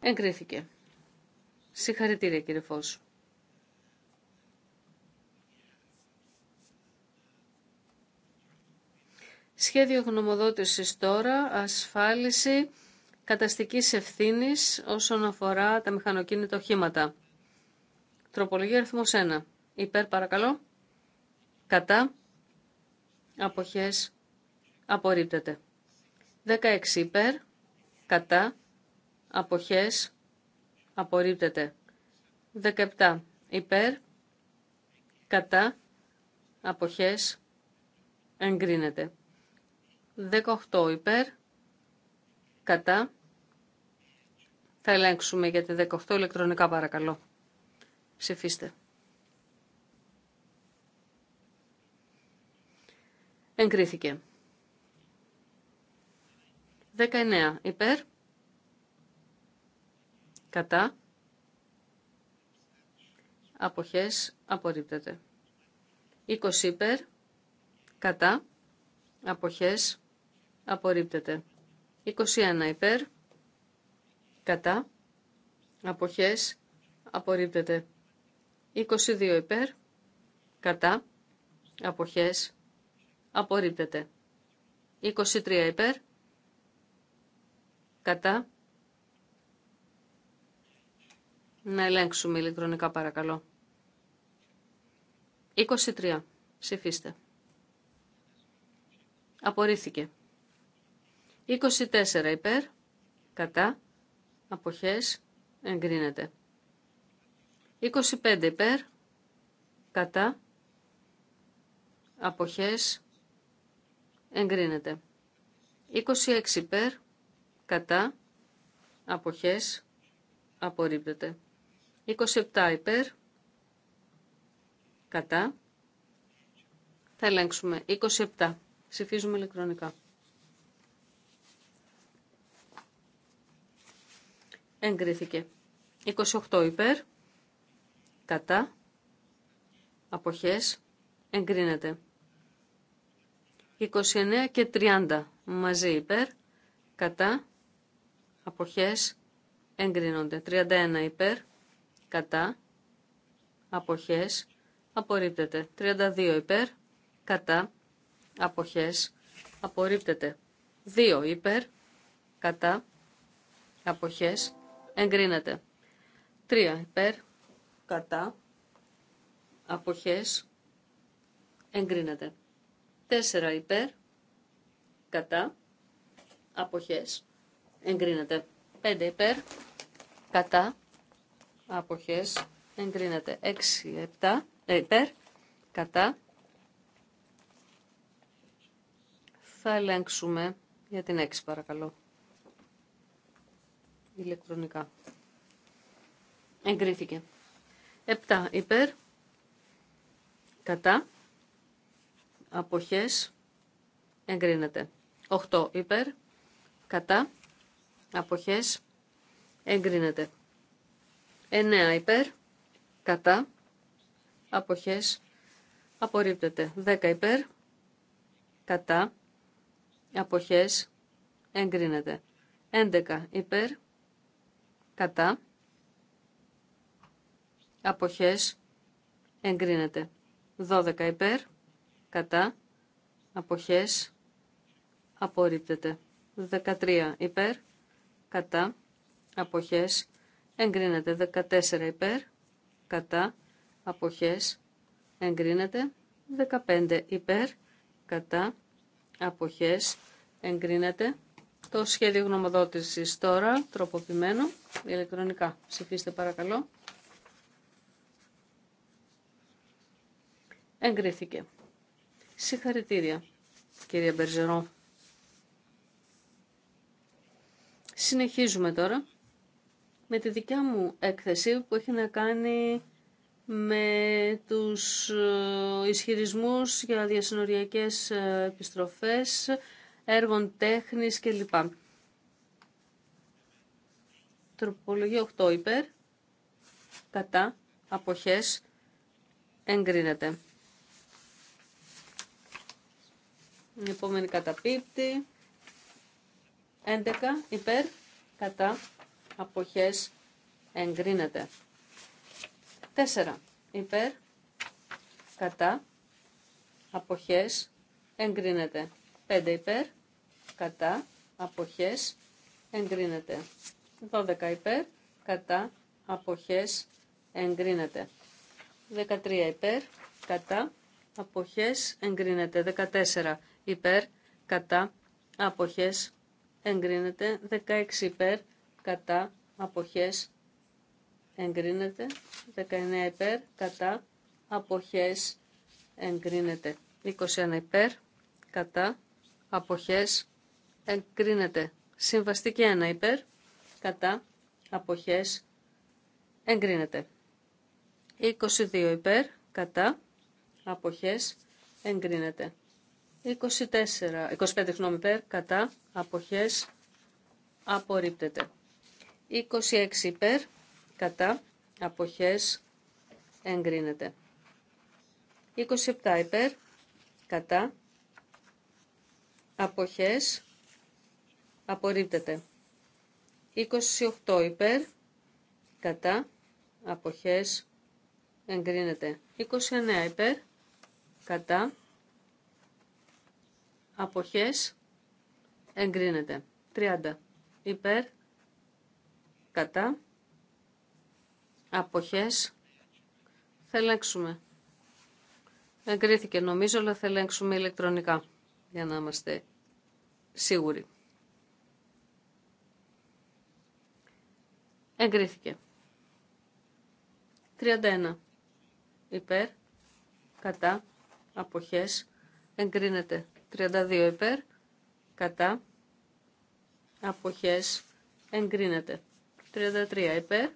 Εγκρίθηκε. Συγχαρητήρια κύριε Φω. Σχέδιο γνωμοδότησης τώρα, ασφάλιση καταστικής ευθύνης όσον αφορά τα μηχανοκίνητα οχήματα. Τροπολογία αριθμό 1. Υπέρ παρακαλώ. Κατά. Αποχές. Απορρίπτεται. 16 υπέρ. Κατά. Αποχές. Απορρίπτεται. 17 υπέρ. Κατά. Αποχές. Εγκρίνεται. 18 υπέρ. Κατά. Θα ελέγξουμε για τη 18 ηλεκτρονικά παρακαλώ. Ψηφίστε. Εγκρίθηκε. 19 υπέρ. Κατά. Αποχές απορρίπτεται. 20 υπέρ. Κατά. Αποχές απορρίπτεται. 21 υπέρ κατά, αποχές, απορρίπτεται. 22 υπέρ, κατά, αποχές, απορρίπτεται. 23 υπέρ, κατά, να ελέγξουμε ηλεκτρονικά παρακαλώ. 23. Ψηφίστε. Απορρίφθηκε. 24 υπέρ, κατά, αποχές εγκρίνεται. 25 υπέρ, κατά, αποχές εγκρίνεται. 26 υπέρ, κατά, αποχές απορρίπτεται. 27 υπέρ, κατά, θα ελέγξουμε 27. Ψηφίζουμε ηλεκτρονικά. εγκρίθηκε. 28 υπέρ, κατά, αποχές, εγκρίνεται. 29 και 30 μαζί υπέρ, κατά, αποχές, εγκρίνονται. 31 υπέρ, κατά, αποχές, απορρίπτεται. 32 υπέρ, κατά, αποχές, απορρίπτεται. 2 υπέρ, κατά, αποχές, εγκρίνεται. 3 υπέρ, κατά, αποχές, εγκρίνεται. 4 υπέρ, κατά, αποχές, εγκρίνεται. 5 υπέρ, κατά, αποχές, εγκρίνεται. 6, 7, ε, υπέρ, κατά. Θα ελέγξουμε για την 6 παρακαλώ ηλεκτρονικά. Εγκρίθηκε. 7 υπέρ, κατά, αποχές, εγκρίνεται. 8 υπέρ, κατά, αποχές, εγκρίνεται. 9 υπέρ, κατά, αποχές, απορρίπτεται. 10 υπέρ, κατά, αποχές, εγκρίνεται. 11 υπέρ, κατά, αποχές, εγκρίνεται. 12 υπέρ, κατά, αποχές, απορρίπτεται. 13 υπέρ, κατά, αποχές, εγκρίνεται. 14 υπέρ, κατά, αποχές, εγκρίνεται. 15 υπέρ, κατά, αποχές, εγκρίνεται. Το σχέδιο γνωμοδότησης τώρα, τροποποιημένο, ηλεκτρονικά. Ψηφίστε παρακαλώ. Εγκρίθηκε. Συγχαρητήρια, κυρία Μπερζερό. Συνεχίζουμε τώρα με τη δικιά μου έκθεση που έχει να κάνει με τους ε, ισχυρισμούς για διασυνοριακές ε, επιστροφές έργων τέχνης κλπ. Τροπολογία 8 υπέρ, κατά, αποχές, εγκρίνεται. Η επόμενη καταπίπτη. 11 υπέρ, κατά, αποχές, εγκρίνεται. 4 υπέρ, κατά, αποχές, εγκρίνεται. 5 υπέρ, κατά, αποχές, εγκρίνεται. 12 υπέρ, κατά, αποχές, εγκρίνεται. 13 υπέρ, κατά, αποχές, εγκρίνεται. 14 υπέρ, κατά, αποχές, εγκρίνεται. 16 υπέρ, κατά, αποχές, εγκρίνεται. 19 υπέρ, κατά, αποχές, εγκρίνεται. 21 υπέρ, κατά, αποχές, εγκρίνεται. Συμβαστική 1 υπέρ, κατά, αποχές, εγκρίνεται. 22 υπέρ, κατά, αποχές, εγκρίνεται. 24, 25 γνώμη υπέρ, κατά, αποχές, απορρίπτεται. 26 υπέρ, κατά, αποχές, εγκρίνεται. 27 υπέρ, κατά, αποχές, απορρίπτεται. 28 υπέρ, κατά, αποχές, εγκρίνεται. 29 υπέρ, κατά, αποχές, εγκρίνεται. 30 υπέρ, κατά, αποχές, θα ελέγξουμε. Εγκρίθηκε νομίζω, αλλά θα ελέγξουμε ηλεκτρονικά για να είμαστε σίγουροι. Εγκρίθηκε. 31. Υπέρ. Κατά. Αποχές. Εγκρίνεται. 32. Υπέρ. Κατά. Αποχές. Εγκρίνεται. 33. Υπέρ.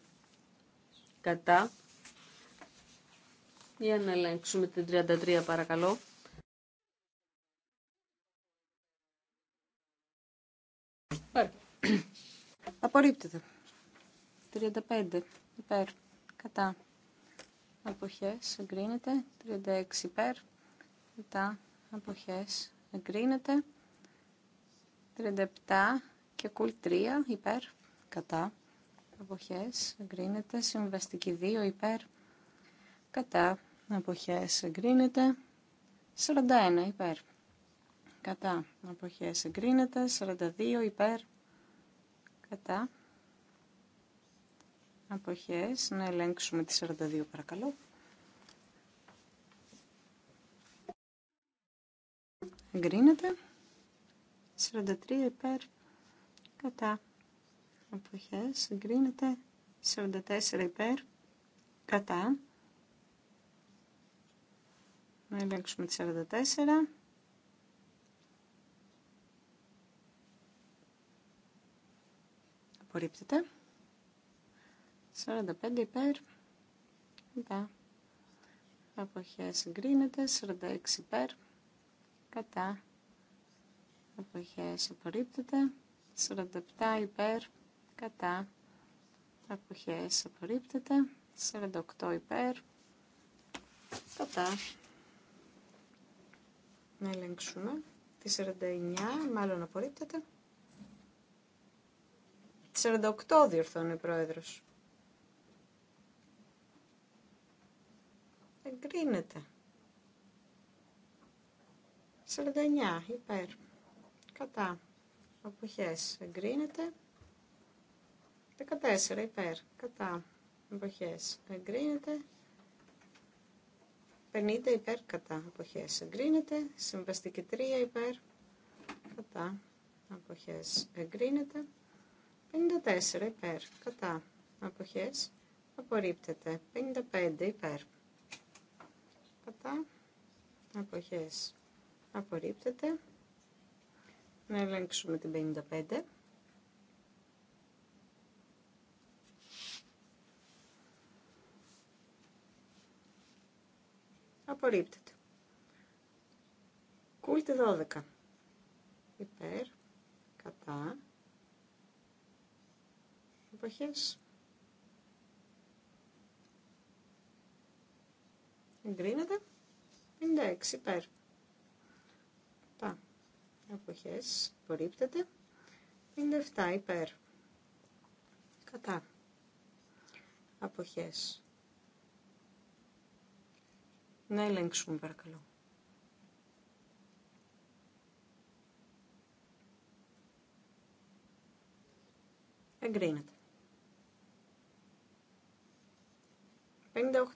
Κατά. Για να ελέγξουμε την 33 παρακαλώ. Απορρίπτεται. 35 υπέρ κατά αποχές εγκρίνεται 36 υπέρ κατά αποχές εγκρίνεται 37 και κουλ 3 υπέρ κατά αποχές εγκρίνεται συμβαστική 2 υπέρ κατά αποχές εγκρίνεται 41 υπέρ κατά αποχές εγκρίνεται 42 υπέρ κατά αποχές. Να ελέγξουμε τη 42 παρακαλώ. Εγκρίνεται. 43 υπέρ κατά αποχές. Εγκρίνεται. 44 υπέρ κατά. Να ελέγξουμε τη 44. Απορρίπτεται. 45 υπέρ. Κατά. Αποχέ εγκρίνεται. 46 υπέρ. Κατά. Αποχέ απορρίπτεται. 47 υπέρ. Κατά. Αποχέ απορρίπτεται. 48 υπέρ. Κατά. Να ελέγξουμε. Τη 49 μάλλον απορρίπτεται. 48 διορθώνει ο πρόεδρος. Εγκρίνεται. 49 υπέρ. Κατά. Αποχές. Εγκρίνεται. 14 υπέρ. Κατά. Αποχές. Εγκρίνεται. 50 υπέρ. Κατά. Αποχές. Εγκρίνεται. Συμβαστική 3 υπέρ. Κατά. Αποχές. Εγκρίνεται. 54 υπέρ. Κατά. Αποχές. Απορρίπτεται. 55 υπέρ κατά αποχές απορρίπτεται να ελέγξουμε την 55 απορρίπτεται Κούλτη 12 υπέρ κατά αποχές Εγκρίνεται. 56 υπέρ. Τα. Αποχές. Απορρίπτεται. 57 υπέρ. Κατά. Αποχές. Να ελέγξουμε παρακαλώ. Εγκρίνεται.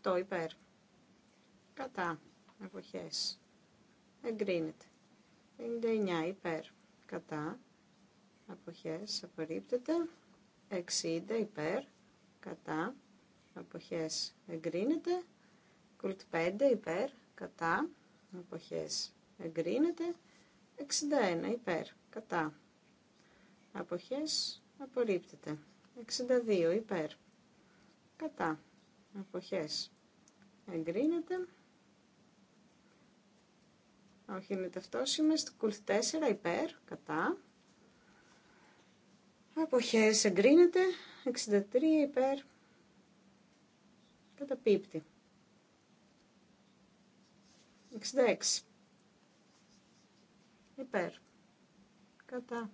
58 υπέρ κατά εποχές εγκρίνεται 59 υπέρ κατά εποχές απορρίπτεται 60 υπέρ κατά εποχές εγκρίνεται κουλτ 5 υπέρ κατά εποχές εγκρίνεται 61 υπέρ κατά εποχές απορρίπτεται 62 υπέρ κατά εποχές εγκρίνεται όχι, είναι Στο Κουλθ 4 υπέρ, κατά. Αποχές εγκρίνεται. 63 υπέρ. Καταπίπτει. 66. Υπέρ. Κατά.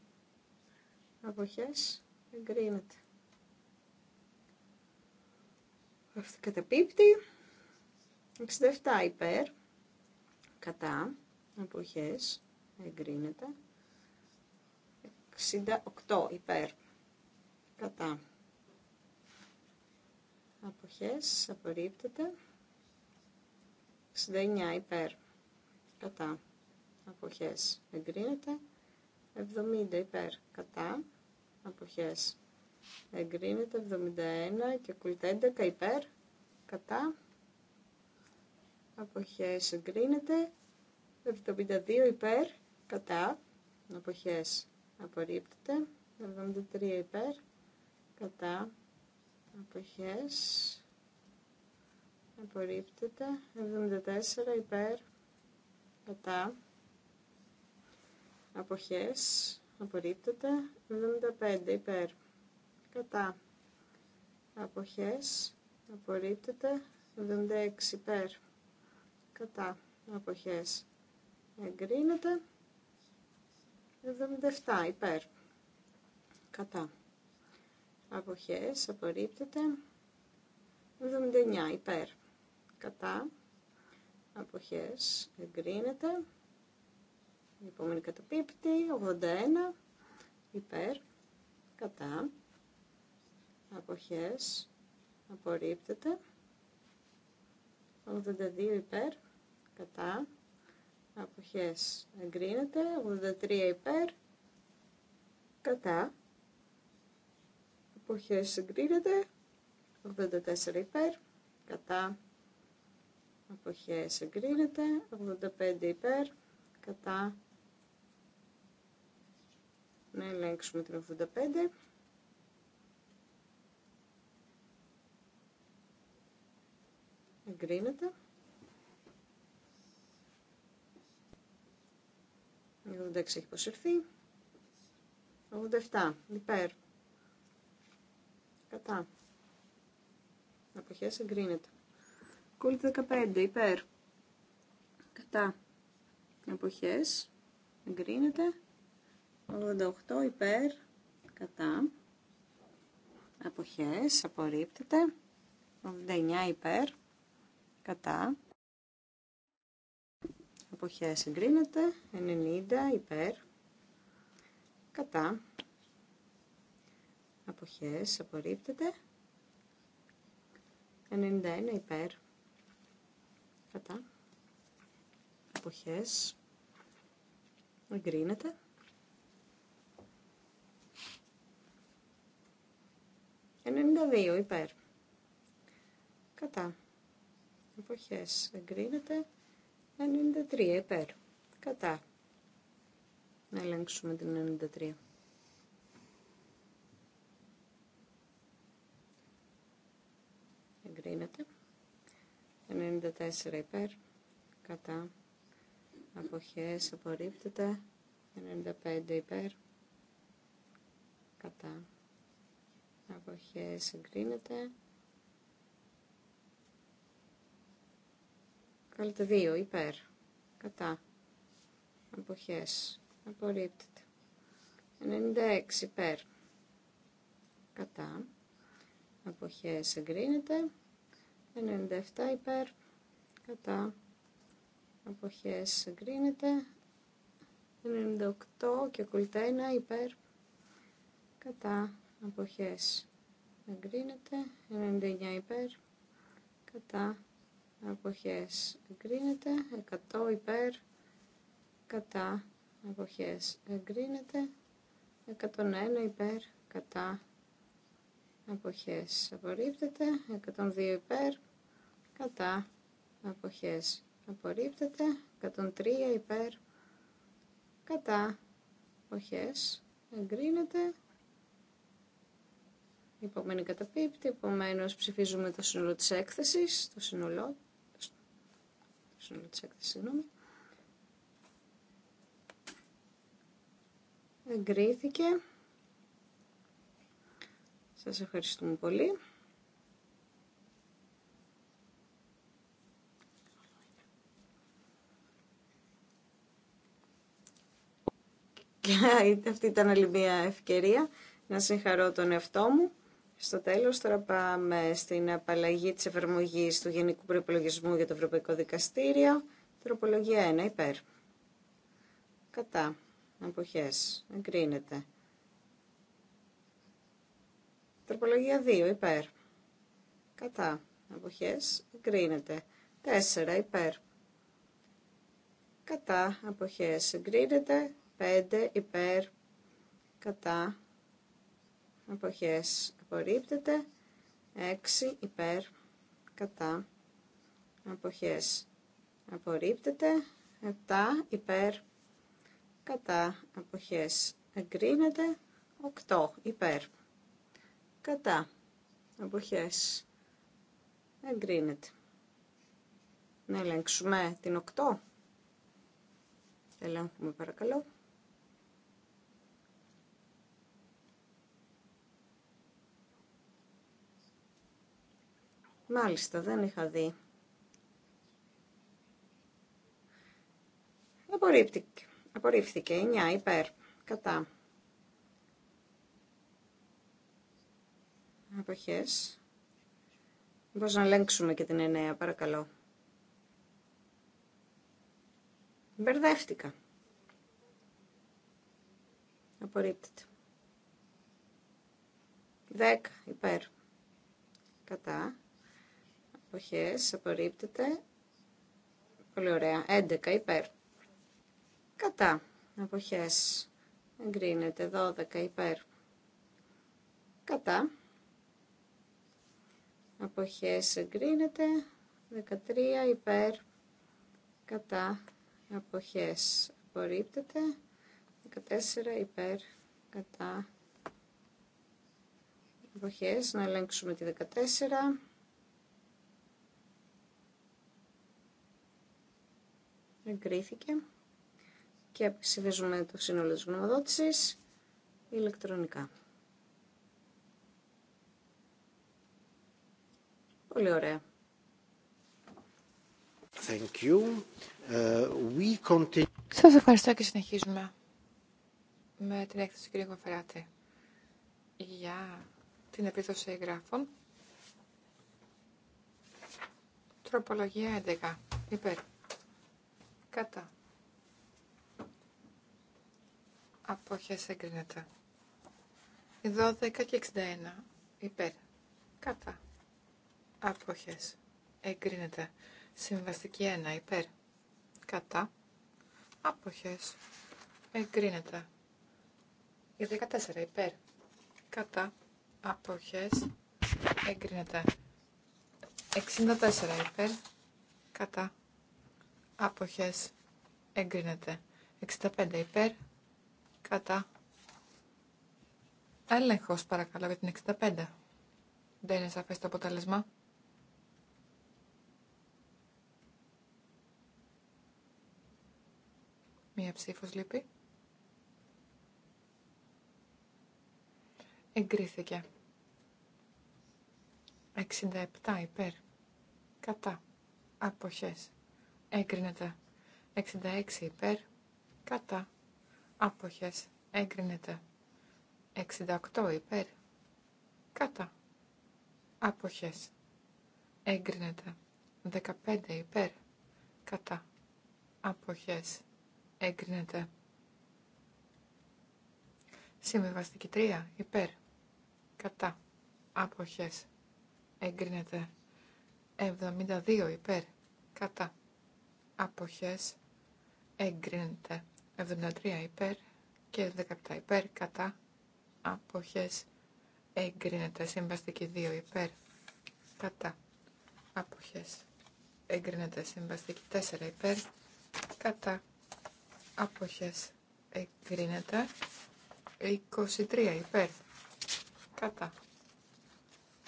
Αποχές εγκρίνεται. Αυτή καταπίπτει. 67 υπέρ. Κατά αποχές εγκρίνεται 68 υπέρ κατά αποχές απορρίπτεται 69 υπέρ κατά αποχές εγκρίνεται 70 υπέρ κατά αποχές εγκρίνεται 71 και κουλτέντεκα υπέρ κατά αποχές εγκρίνεται 72 υπέρ, κατά, αποχές απορρίπτεται. 73 υπέρ, κατά, αποχές απορρίπτεται. 74 υπέρ, κατά, αποχές απορρίπτεται. 75 υπέρ, κατά, αποχές απορρίπτεται. 76 υπέρ, κατά, αποχές εγκρίνεται 77 υπέρ κατά αποχές απορρίπτεται 79 υπέρ κατά αποχές εγκρίνεται η επόμενη καταπίπτη 81 υπέρ κατά αποχές απορρίπτεται 82 υπέρ κατά αποχές εγκρίνεται, 83 υπέρ, κατά, αποχές εγκρίνεται, 84 υπέρ, κατά, αποχές εγκρίνεται, 85 υπέρ, κατά, να ελέγξουμε την 85, εγκρίνεται, 86 έχει αποσυρθεί. 87 υπέρ. Κατά. Αποχές εγκρίνεται. Κούλτ 15 υπέρ. Κατά. Αποχές εγκρίνεται. 88 υπέρ. Κατά. Αποχές απορρίπτεται. 89 υπέρ. Κατά αποχές εγκρίνεται 90 υπέρ κατά αποχές απορρίπτεται 91 υπέρ κατά αποχές εγκρίνεται 92 υπέρ. Κατά. Εποχές εγκρίνεται. 93 υπέρ. Κατά. Να ελέγξουμε την 93. Εγκρίνεται. 94 υπέρ. Κατά. Αποχές απορρίπτεται. 95 υπέρ. Κατά. Αποχές εγκρίνεται. Κάλτε 2 υπέρ. Κατά. Αποχές. Απορρίπτεται. 96 υπέρ. Κατά. Αποχές εγκρίνεται. 97 υπέρ. Κατά. Αποχές εγκρίνεται. 98 και κουλτένα υπέρ. Κατά. Αποχές εγκρίνεται. 99 υπέρ. Κατά αποχές εγκρίνεται 100 υπέρ κατά αποχές εγκρίνεται 101 υπέρ κατά αποχές απορρίπτεται 102 υπέρ κατά αποχές απορρίπτεται 103 υπέρ κατά αποχές εγκρίνεται η επόμενη καταπίπτει επομένως ψηφίζουμε το σύνολο της έκθεσης το σύνολό σύνολο της συγγνώμη. Εγκρίθηκε. Σας ευχαριστούμε πολύ. Και (laughs) αυτή ήταν άλλη μια ευκαιρία να συγχαρώ τον εαυτό μου. Στο τέλος τώρα πάμε στην απαλλαγή της εφαρμογής του Γενικού Προϋπολογισμού για το Ευρωπαϊκό Δικαστήριο. Τροπολογία 1, υπέρ. Κατά. Αποχές. Εγκρίνεται. Τροπολογία 2, υπέρ. Κατά. Αποχές. Εγκρίνεται. 4, υπέρ. Κατά. Αποχές. Εγκρίνεται. 5, υπέρ. Κατά. Αποχές απορρίπτεται 6 υπέρ κατά αποχές απορρίπτεται 7 υπέρ κατά αποχές εγκρίνεται 8 υπέρ κατά αποχές εγκρίνεται να ελέγξουμε την 8 ελέγχουμε παρακαλώ Μάλιστα, δεν είχα δει. Απορρίφθηκε. Απορρίφθηκε. 9 υπέρ. Κατά. Αποχές. Μπορείς να ελέγξουμε και την 9, παρακαλώ. Μπερδεύτηκα. Απορρίπτεται. 10 υπέρ. Κατά αποχές απορρίπτεται. Πολύ ωραία. 11 υπέρ. Κατά. Αποχές. Εγκρίνεται. 12 υπέρ. Κατά. Αποχές εγκρίνεται. 13 υπέρ. Κατά. Αποχές απορρίπτεται. 14 υπέρ. Κατά. Αποχές. Να ελέγξουμε τη 14. Εγκρίθηκε. Και ψηφίζουμε το σύνολο της γνωμοδότησης ηλεκτρονικά. Πολύ ωραία. Thank you. Uh, we continue... Σας ευχαριστώ και συνεχίζουμε με την έκθεση του κ. Κοφεράτη για την επίδοση εγγράφων. Τροπολογία 11. Υπέρ. Κατά. Αποχές εγκρίνεται. 12 και 61. Υπέρ. Κατά. Αποχές. Εγκρίνεται. Συμβαστική 1. Υπέρ. Κατά. Αποχές. Εγκρίνεται. Η 14. Υπέρ. Κατά. Αποχές. Εγκρίνεται. 64. Υπέρ. Κατά αποχές εγκρίνεται. 65 υπέρ, κατά. Έλεγχος παρακαλώ για την 65. Δεν είναι σαφές το αποτέλεσμα. Μία ψήφος λείπει. Εγκρίθηκε. 67 υπέρ. Κατά. Αποχές. Εγκρίνεται. 66 υπέρ. Κατά. Άποχες. Εγκρίνεται. 68 υπέρ. Κατά. Άποχες. Εγκρίνεται. 15 υπέρ. Κατά. Άποχες. Εγκρίνεται. Συμβιβαστική 3 υπέρ. Κατά. Άποχες. Εγκρίνεται. 72 υπέρ. Κατά αποχές εγκρίνεται 73 υπέρ και 17 υπέρ κατά αποχές εγκρίνεται συμβαστική 2 υπέρ κατά αποχές εγκρίνεται συμβαστική 4 υπέρ κατά αποχές εγκρίνεται 23 υπέρ κατά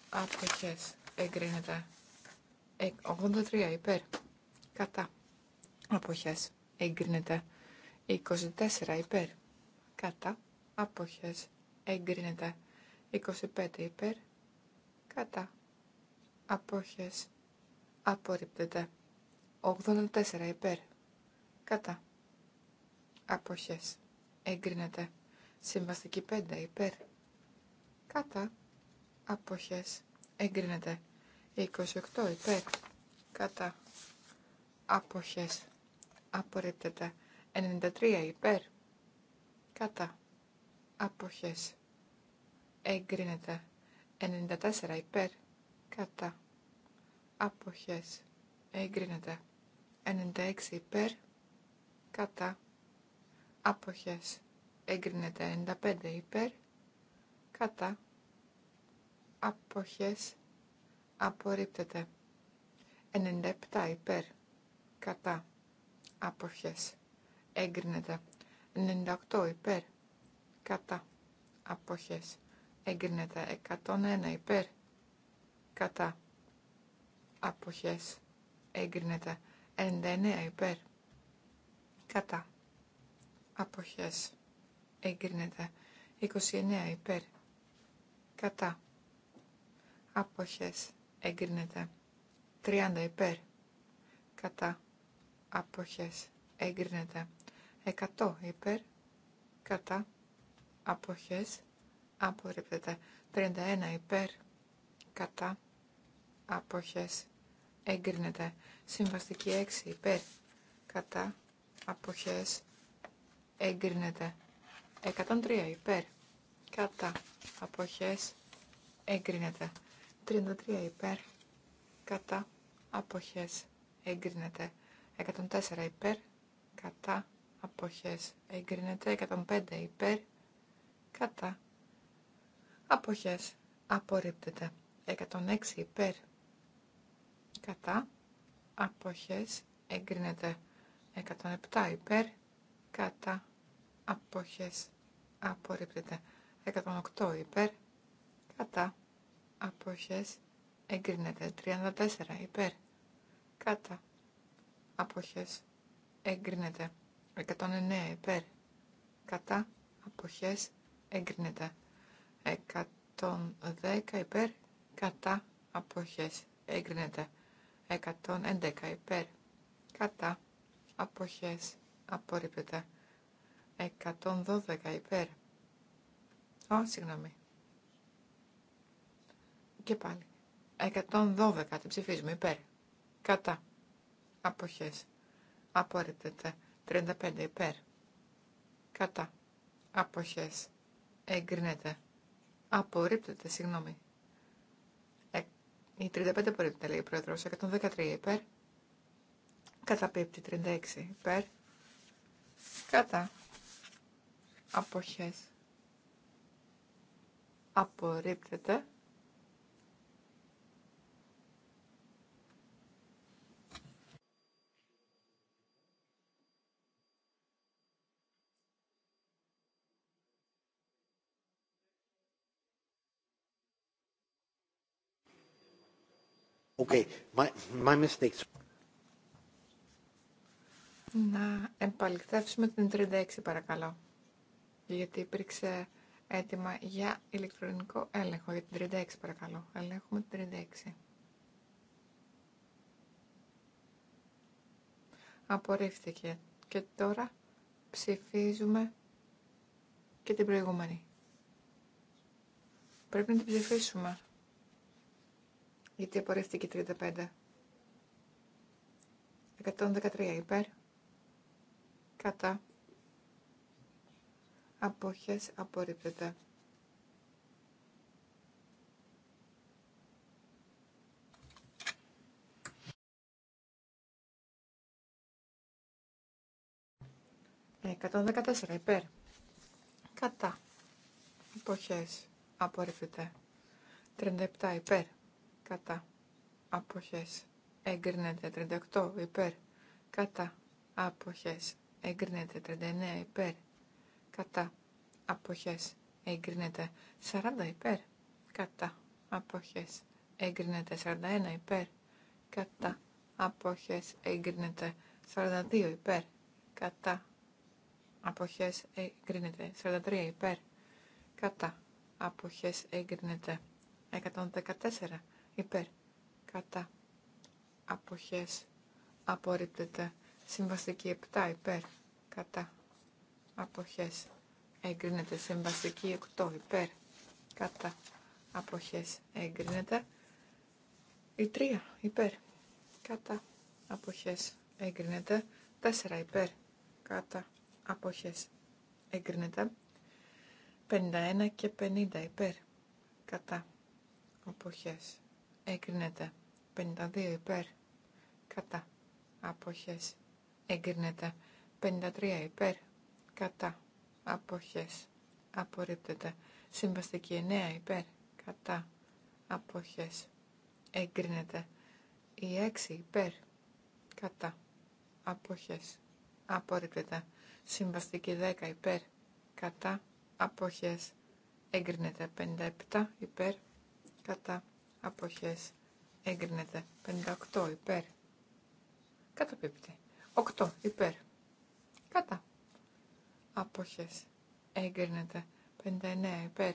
αποχές εγκρίνεται 83 ε, υπέρ κατά αποχές εγκρίνεται 24 υπέρ κατά αποχές εγκρίνεται 25 υπέρ κατά αποχές απορρίπτεται 84 υπέρ κατά αποχές εγκρίνεται συμβαστική 5 υπέρ κατά αποχές εγκρίνεται 28 υπέρ κατά αποχές απορρίπτεται. 93 υπέρ, κατά, αποχές, εγκρίνεται. 94 υπέρ, κατά, αποχές, εγκρίνεται. 96 υπέρ, κατά, αποχές, εγκρίνεται. 95 υπέρ, κατά, αποχές, απορρίπτεται. 97 υπέρ, κατά, αποχές εγκρίνεται 98 υπέρ κατά αποχές εγκρίνεται 101 υπέρ κατά αποχές εγκρίνεται 99 υπέρ κατά αποχές εγκρίνεται 29 υπέρ κατά αποχές εγκρίνεται 30 υπέρ κατά αποχές εγκρίνεται 100 υπέρ κατά αποχές απορρίπτεται 31 υπέρ κατά αποχές εγκρίνεται συμβαστική 6 υπέρ κατά αποχές εγκρίνεται 103 υπέρ κατά αποχές εγκρίνεται 33 υπέρ κατά αποχές εγκρίνεται 104 υπέρ, κατά αποχές εγκρίνεται. 105 υπέρ, κατά αποχές απορρίπτεται. 106 υπέρ, κατά αποχές εγκρίνεται. 107 υπέρ, κατά αποχές απορρίπτεται. 108 υπέρ, κατά αποχές εγκρίνεται. 34 υπέρ, κατά αποχές εγκρίνεται. 109 υπέρ κατά αποχές εγκρίνεται. 110 υπέρ κατά αποχές εγκρίνεται. 111 υπέρ κατά αποχές απορρίπτεται. 112 υπέρ. Ω, συγγνώμη. Και πάλι. 112 την ψηφίζουμε υπέρ. Κατά αποχές απορρίπτεται 35 υπέρ κατά αποχές εγκρίνεται απορρίπτεται συγγνώμη ε, η 35 απορρίπτεται λέει ο πρόεδρος 113 υπέρ καταπίπτει 36 υπέρ κατά αποχές απορρίπτεται Okay. My, my Να επαληθεύσουμε την 36 παρακαλώ. Γιατί υπήρξε έτοιμα για ηλεκτρονικό έλεγχο. Για την 36 παρακαλώ. Ελέγχουμε την 36. Απορρίφθηκε. Και τώρα ψηφίζουμε και την προηγούμενη. Πρέπει να την ψηφίσουμε γιατί απορρίφθηκε 35. 113 υπέρ. Κατά. Απόχες απορρίπτεται. Ε, 114 υπέρ. Κατά. Αποχές απορρίπτεται. 37 ε, υπέρ κατά αποχές εγκρίνεται 38 υπέρ κατά αποχές εγκρίνεται 39 υπέρ κατά αποχές εγκρίνεται 40 υπέρ κατά αποχές εγκρίνεται 41 υπέρ κατά αποχές εγκρίνεται 42 υπέρ κατά αποχές εγκρίνεται 43 υπέρ κατά αποχές εγκρίνεται 114 υπέρ, κατά, αποχές, απορρίπτεται. Συμβαστική 7 υπέρ, κατά, αποχές, εγκρίνεται. Συμβαστική 8 υπέρ, κατά, αποχές, εγκρίνεται. Η 3 υπέρ, κατά, αποχές, εγκρίνεται. 4 υπέρ, κατά, αποχές, εγκρίνεται. 51 και 50 υπέρ, κατά, αποχές, εγκρίνεται. 52 υπέρ, κατά, αποχές, εγκρίνεται. 53 υπέρ, κατά, αποχές, απορρίπτεται. Συμβαστική 9 υπέρ, κατά, αποχές, εγκρίνεται. Η 6 υπέρ, κατά, αποχές, απορρίπτεται. Συμβαστική 10 υπέρ, κατά, αποχές, εγκρίνεται. 57 υπέρ, κατά, αποχές εγκρίνεται. 58 υπέρ. Καταπίπτει. 8 υπέρ. Κατά. Αποχές εγκρίνεται. 59 υπέρ.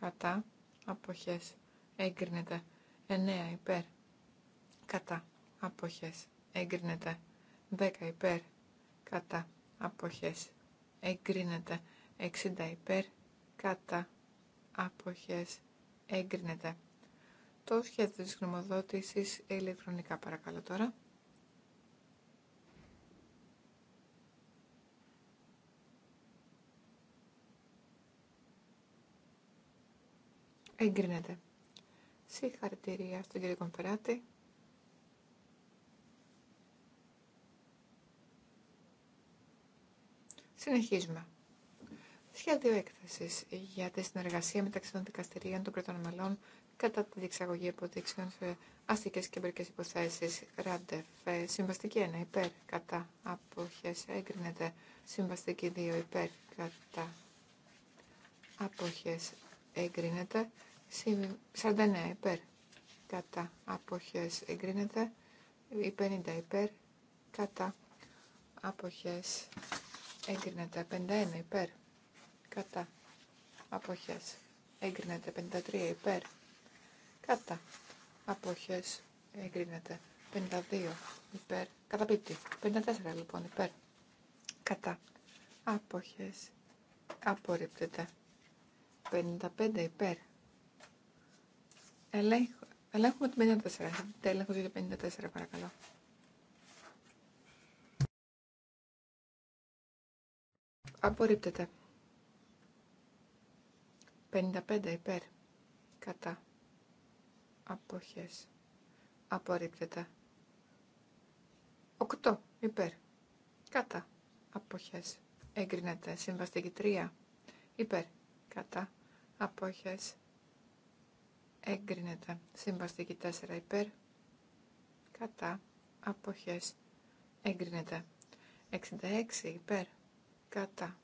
Κατά. Αποχές εγκρίνεται. 9 υπέρ. Κατά. Αποχές εγκρίνεται. 10 υπέρ. Κατά. Αποχές εγκρίνεται. 60 υπέρ. Κατά. Αποχές εγκρίνεται το σχέδιο της γνωμοδότησης ηλεκτρονικά παρακαλώ τώρα. Εγκρίνεται. Συγχαρητήρια στον κύριο Κομφεράτη. Συνεχίζουμε. Σχέδιο έκθεση για τη συνεργασία μεταξύ των δικαστηρίων των κρατών μελών κατά τη διεξαγωγή υποδείξεων σε αστικέ και εμπορικές υποθέσει Ράντεφ, συμβαστική 1, υπέρ, κατά, απόχέ, έγκρινεται. Συμβαστική 2, υπέρ, κατά, απόχέ. εγκρίνεται. 49, υπέρ, κατά, απόχέ, εγκρίνεται. Η 50, υπέρ, κατά, αποχές, εγκρίνεται. 51, υπέρ, κατά, Απόχε εγκρίνεται. 53, υπέρ, κατά αποχές εγκρίνεται 52 υπέρ καταπίπτει 54 λοιπόν υπέρ κατά αποχές απορρίπτεται 55 υπέρ ελέγχουμε το 54 τέλεχος για το 54 παρακαλώ απορρίπτεται 55 υπέρ κατά αποχές απορρίπτεται. 8 υπέρ κατά αποχές εγκρίνεται. Συμβαστική 3 υπέρ κατά αποχές εγκρίνεται. Συμβαστική 4 υπέρ κατά αποχές εγκρίνεται. 66 υπέρ κατά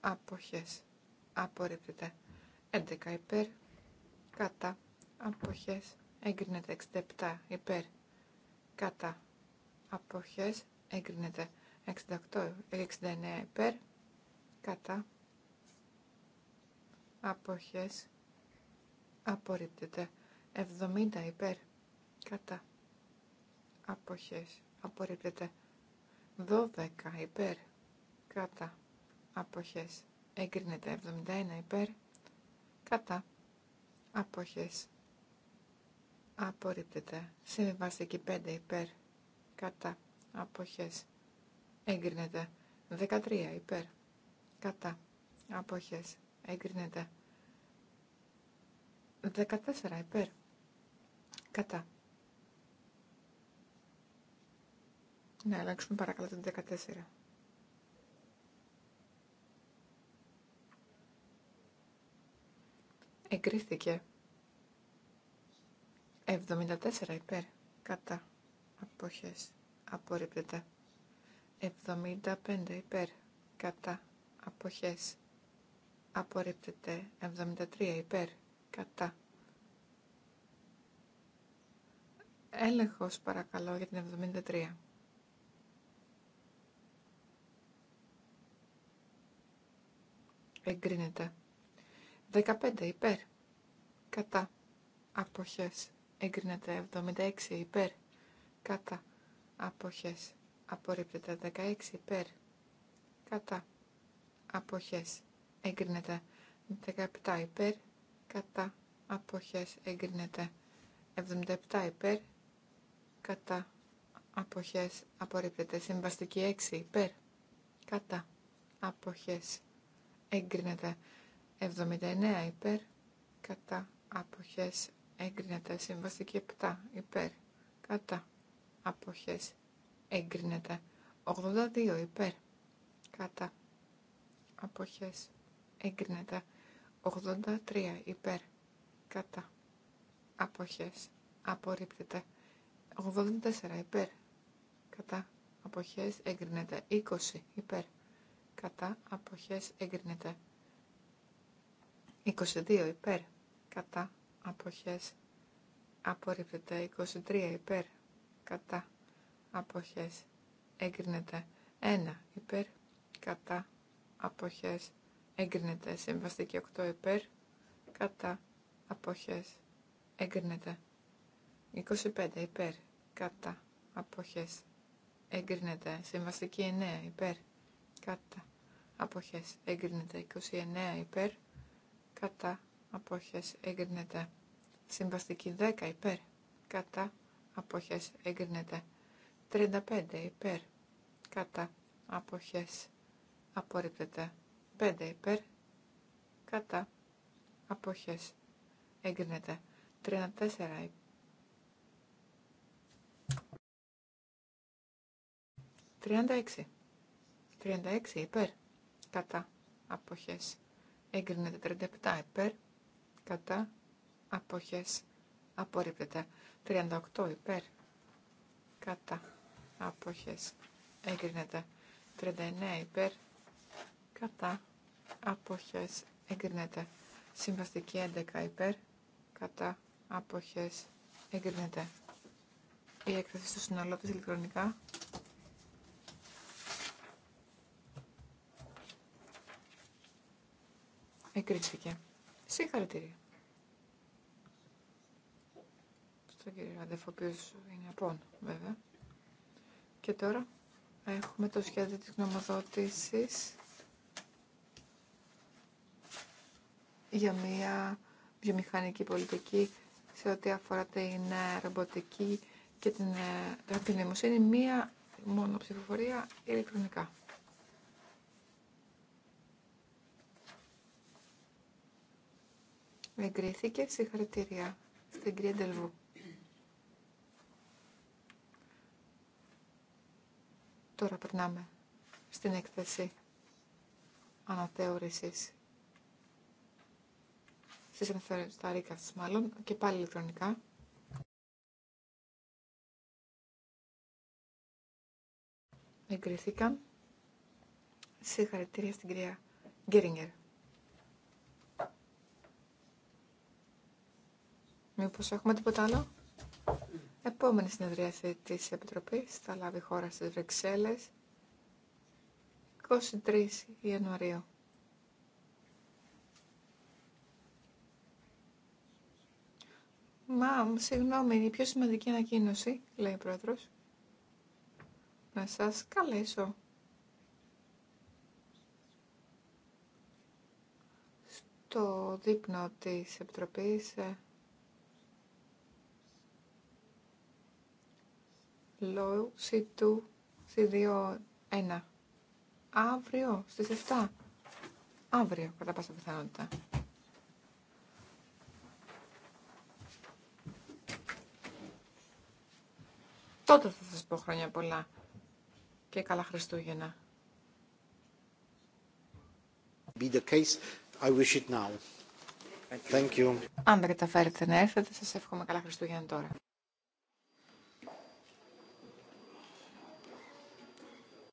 αποχές απορρίπτεται. 11 υπέρ κατά αποχές εγκρίνεται 67 υπέρ κατά αποχές εγκρίνεται 68 69 υπέρ κατά αποχές απορρίπτεται 70 υπέρ κατά αποχές απορρίπτεται 12 υπέρ κατά αποχές εγκρίνεται 71 υπέρ κατά αποχές απορρίπτεται. Συμβιβαστική 5 υπέρ κατά αποχές εγκρίνεται. 13 υπέρ κατά αποχές εγκρίνεται. 14 υπέρ κατά. Να αλλάξουμε παρακαλώ την 14. Εγκρίθηκε. 74 υπέρ κατά αποχές απορρίπτεται 75 υπέρ κατά αποχές απορρίπτεται 73 υπέρ κατά έλεγχος παρακαλώ για την 73 εγκρίνεται 15 υπέρ κατά αποχές εγκρίνεται 76 υπέρ κατά αποχές απορρίπτεται 16 υπέρ κατά αποχές εγκρίνεται 17 υπέρ κατά αποχές εγκρίνεται 77 υπέρ κατά αποχές απορρίπτεται συμβαστική 6 υπέρ κατά αποχές εγκρίνεται 79 υπέρ κατά αποχές Εγκρίνεται. Συμβαστική 7. Υπέρ. Κατά. Αποχές. Εγκρίνεται. 82. Υπέρ. Κατά. Αποχές. Εγκρίνεται. 83. Υπέρ. Κατά. Αποχές. Απορρίπτεται. 84. Υπέρ. Κατά. Αποχές. Εγκρίνεται. 20. Υπέρ. Κατά. Αποχές. Εγκρίνεται. 22. Υπέρ. Κατά αποχές απορρίπτεται 23 υπέρ κατά αποχές έγκρινεται 1 υπέρ κατά αποχές έγκρινεται συμβαστική 8 υπέρ κατά αποχές έγκρινεται 25 υπέρ κατά αποχές έγκρινεται συμβαστική 9 υπέρ κατά αποχές έγκρινεται 29 υπέρ κατά αποχές εγκρίνεται. Συμβαστική 10 υπέρ, κατά αποχές εγκρίνεται. 35 υπέρ, κατά αποχές απορρίπτεται. 5 υπέρ, κατά αποχές εγκρίνεται. 34 υπέρ. 36 υπέρ. Κατά. Αποχές. Έγκρινεται 37 υπέρ κατά αποχές απορρίπτεται. 38 υπέρ κατά αποχές εγκρίνεται. 39 υπέρ κατά αποχές εγκρίνεται. Συμβαστική 11 υπέρ κατά αποχές εγκρίνεται. Η έκθεση στο σύνολό της ηλεκτρονικά εγκρίθηκε. Συγχαρητήρια. Στον κύριο Ραντεφ, ο οποίος είναι απόν, βέβαια. Και τώρα έχουμε το σχέδιο της γνωμοδότησης για μια βιομηχανική πολιτική σε ό,τι αφορά την ε, ρομποτική και την ραμπινεμοσύνη. Ε, Μία μόνο ψηφοφορία ηλεκτρονικά. Εγκρίθηκε συγχαρητήρια στην κυρία Ντελβού. Τώρα περνάμε στην έκθεση αναθεώρησης στις αναθεώρησης στα ρίκα μάλλον και πάλι ηλεκτρονικά. Εγκρίθηκαν. Συγχαρητήρια στην κυρία Γκέριγκερ. Μήπως έχουμε τίποτα άλλο. Επόμενη συνεδρία της Επιτροπής θα λάβει χώρα στις Βρυξέλλες 23 Ιανουαρίου. Μα, συγγνώμη, είναι η πιο σημαντική ανακοίνωση, λέει ο πρόεδρος. Να σας καλέσω. Στο δείπνο της Επιτροπής ε, Λόου C2 c αύριο στις 7 αύριο κατά πάσα πιθανότητα τότε θα σας πω χρόνια πολλά και καλά Χριστούγεννα Be the case. I wish it now. Thank you. Αν δεν καταφέρετε να έρθετε, σας εύχομαι καλά Χριστούγεννα τώρα.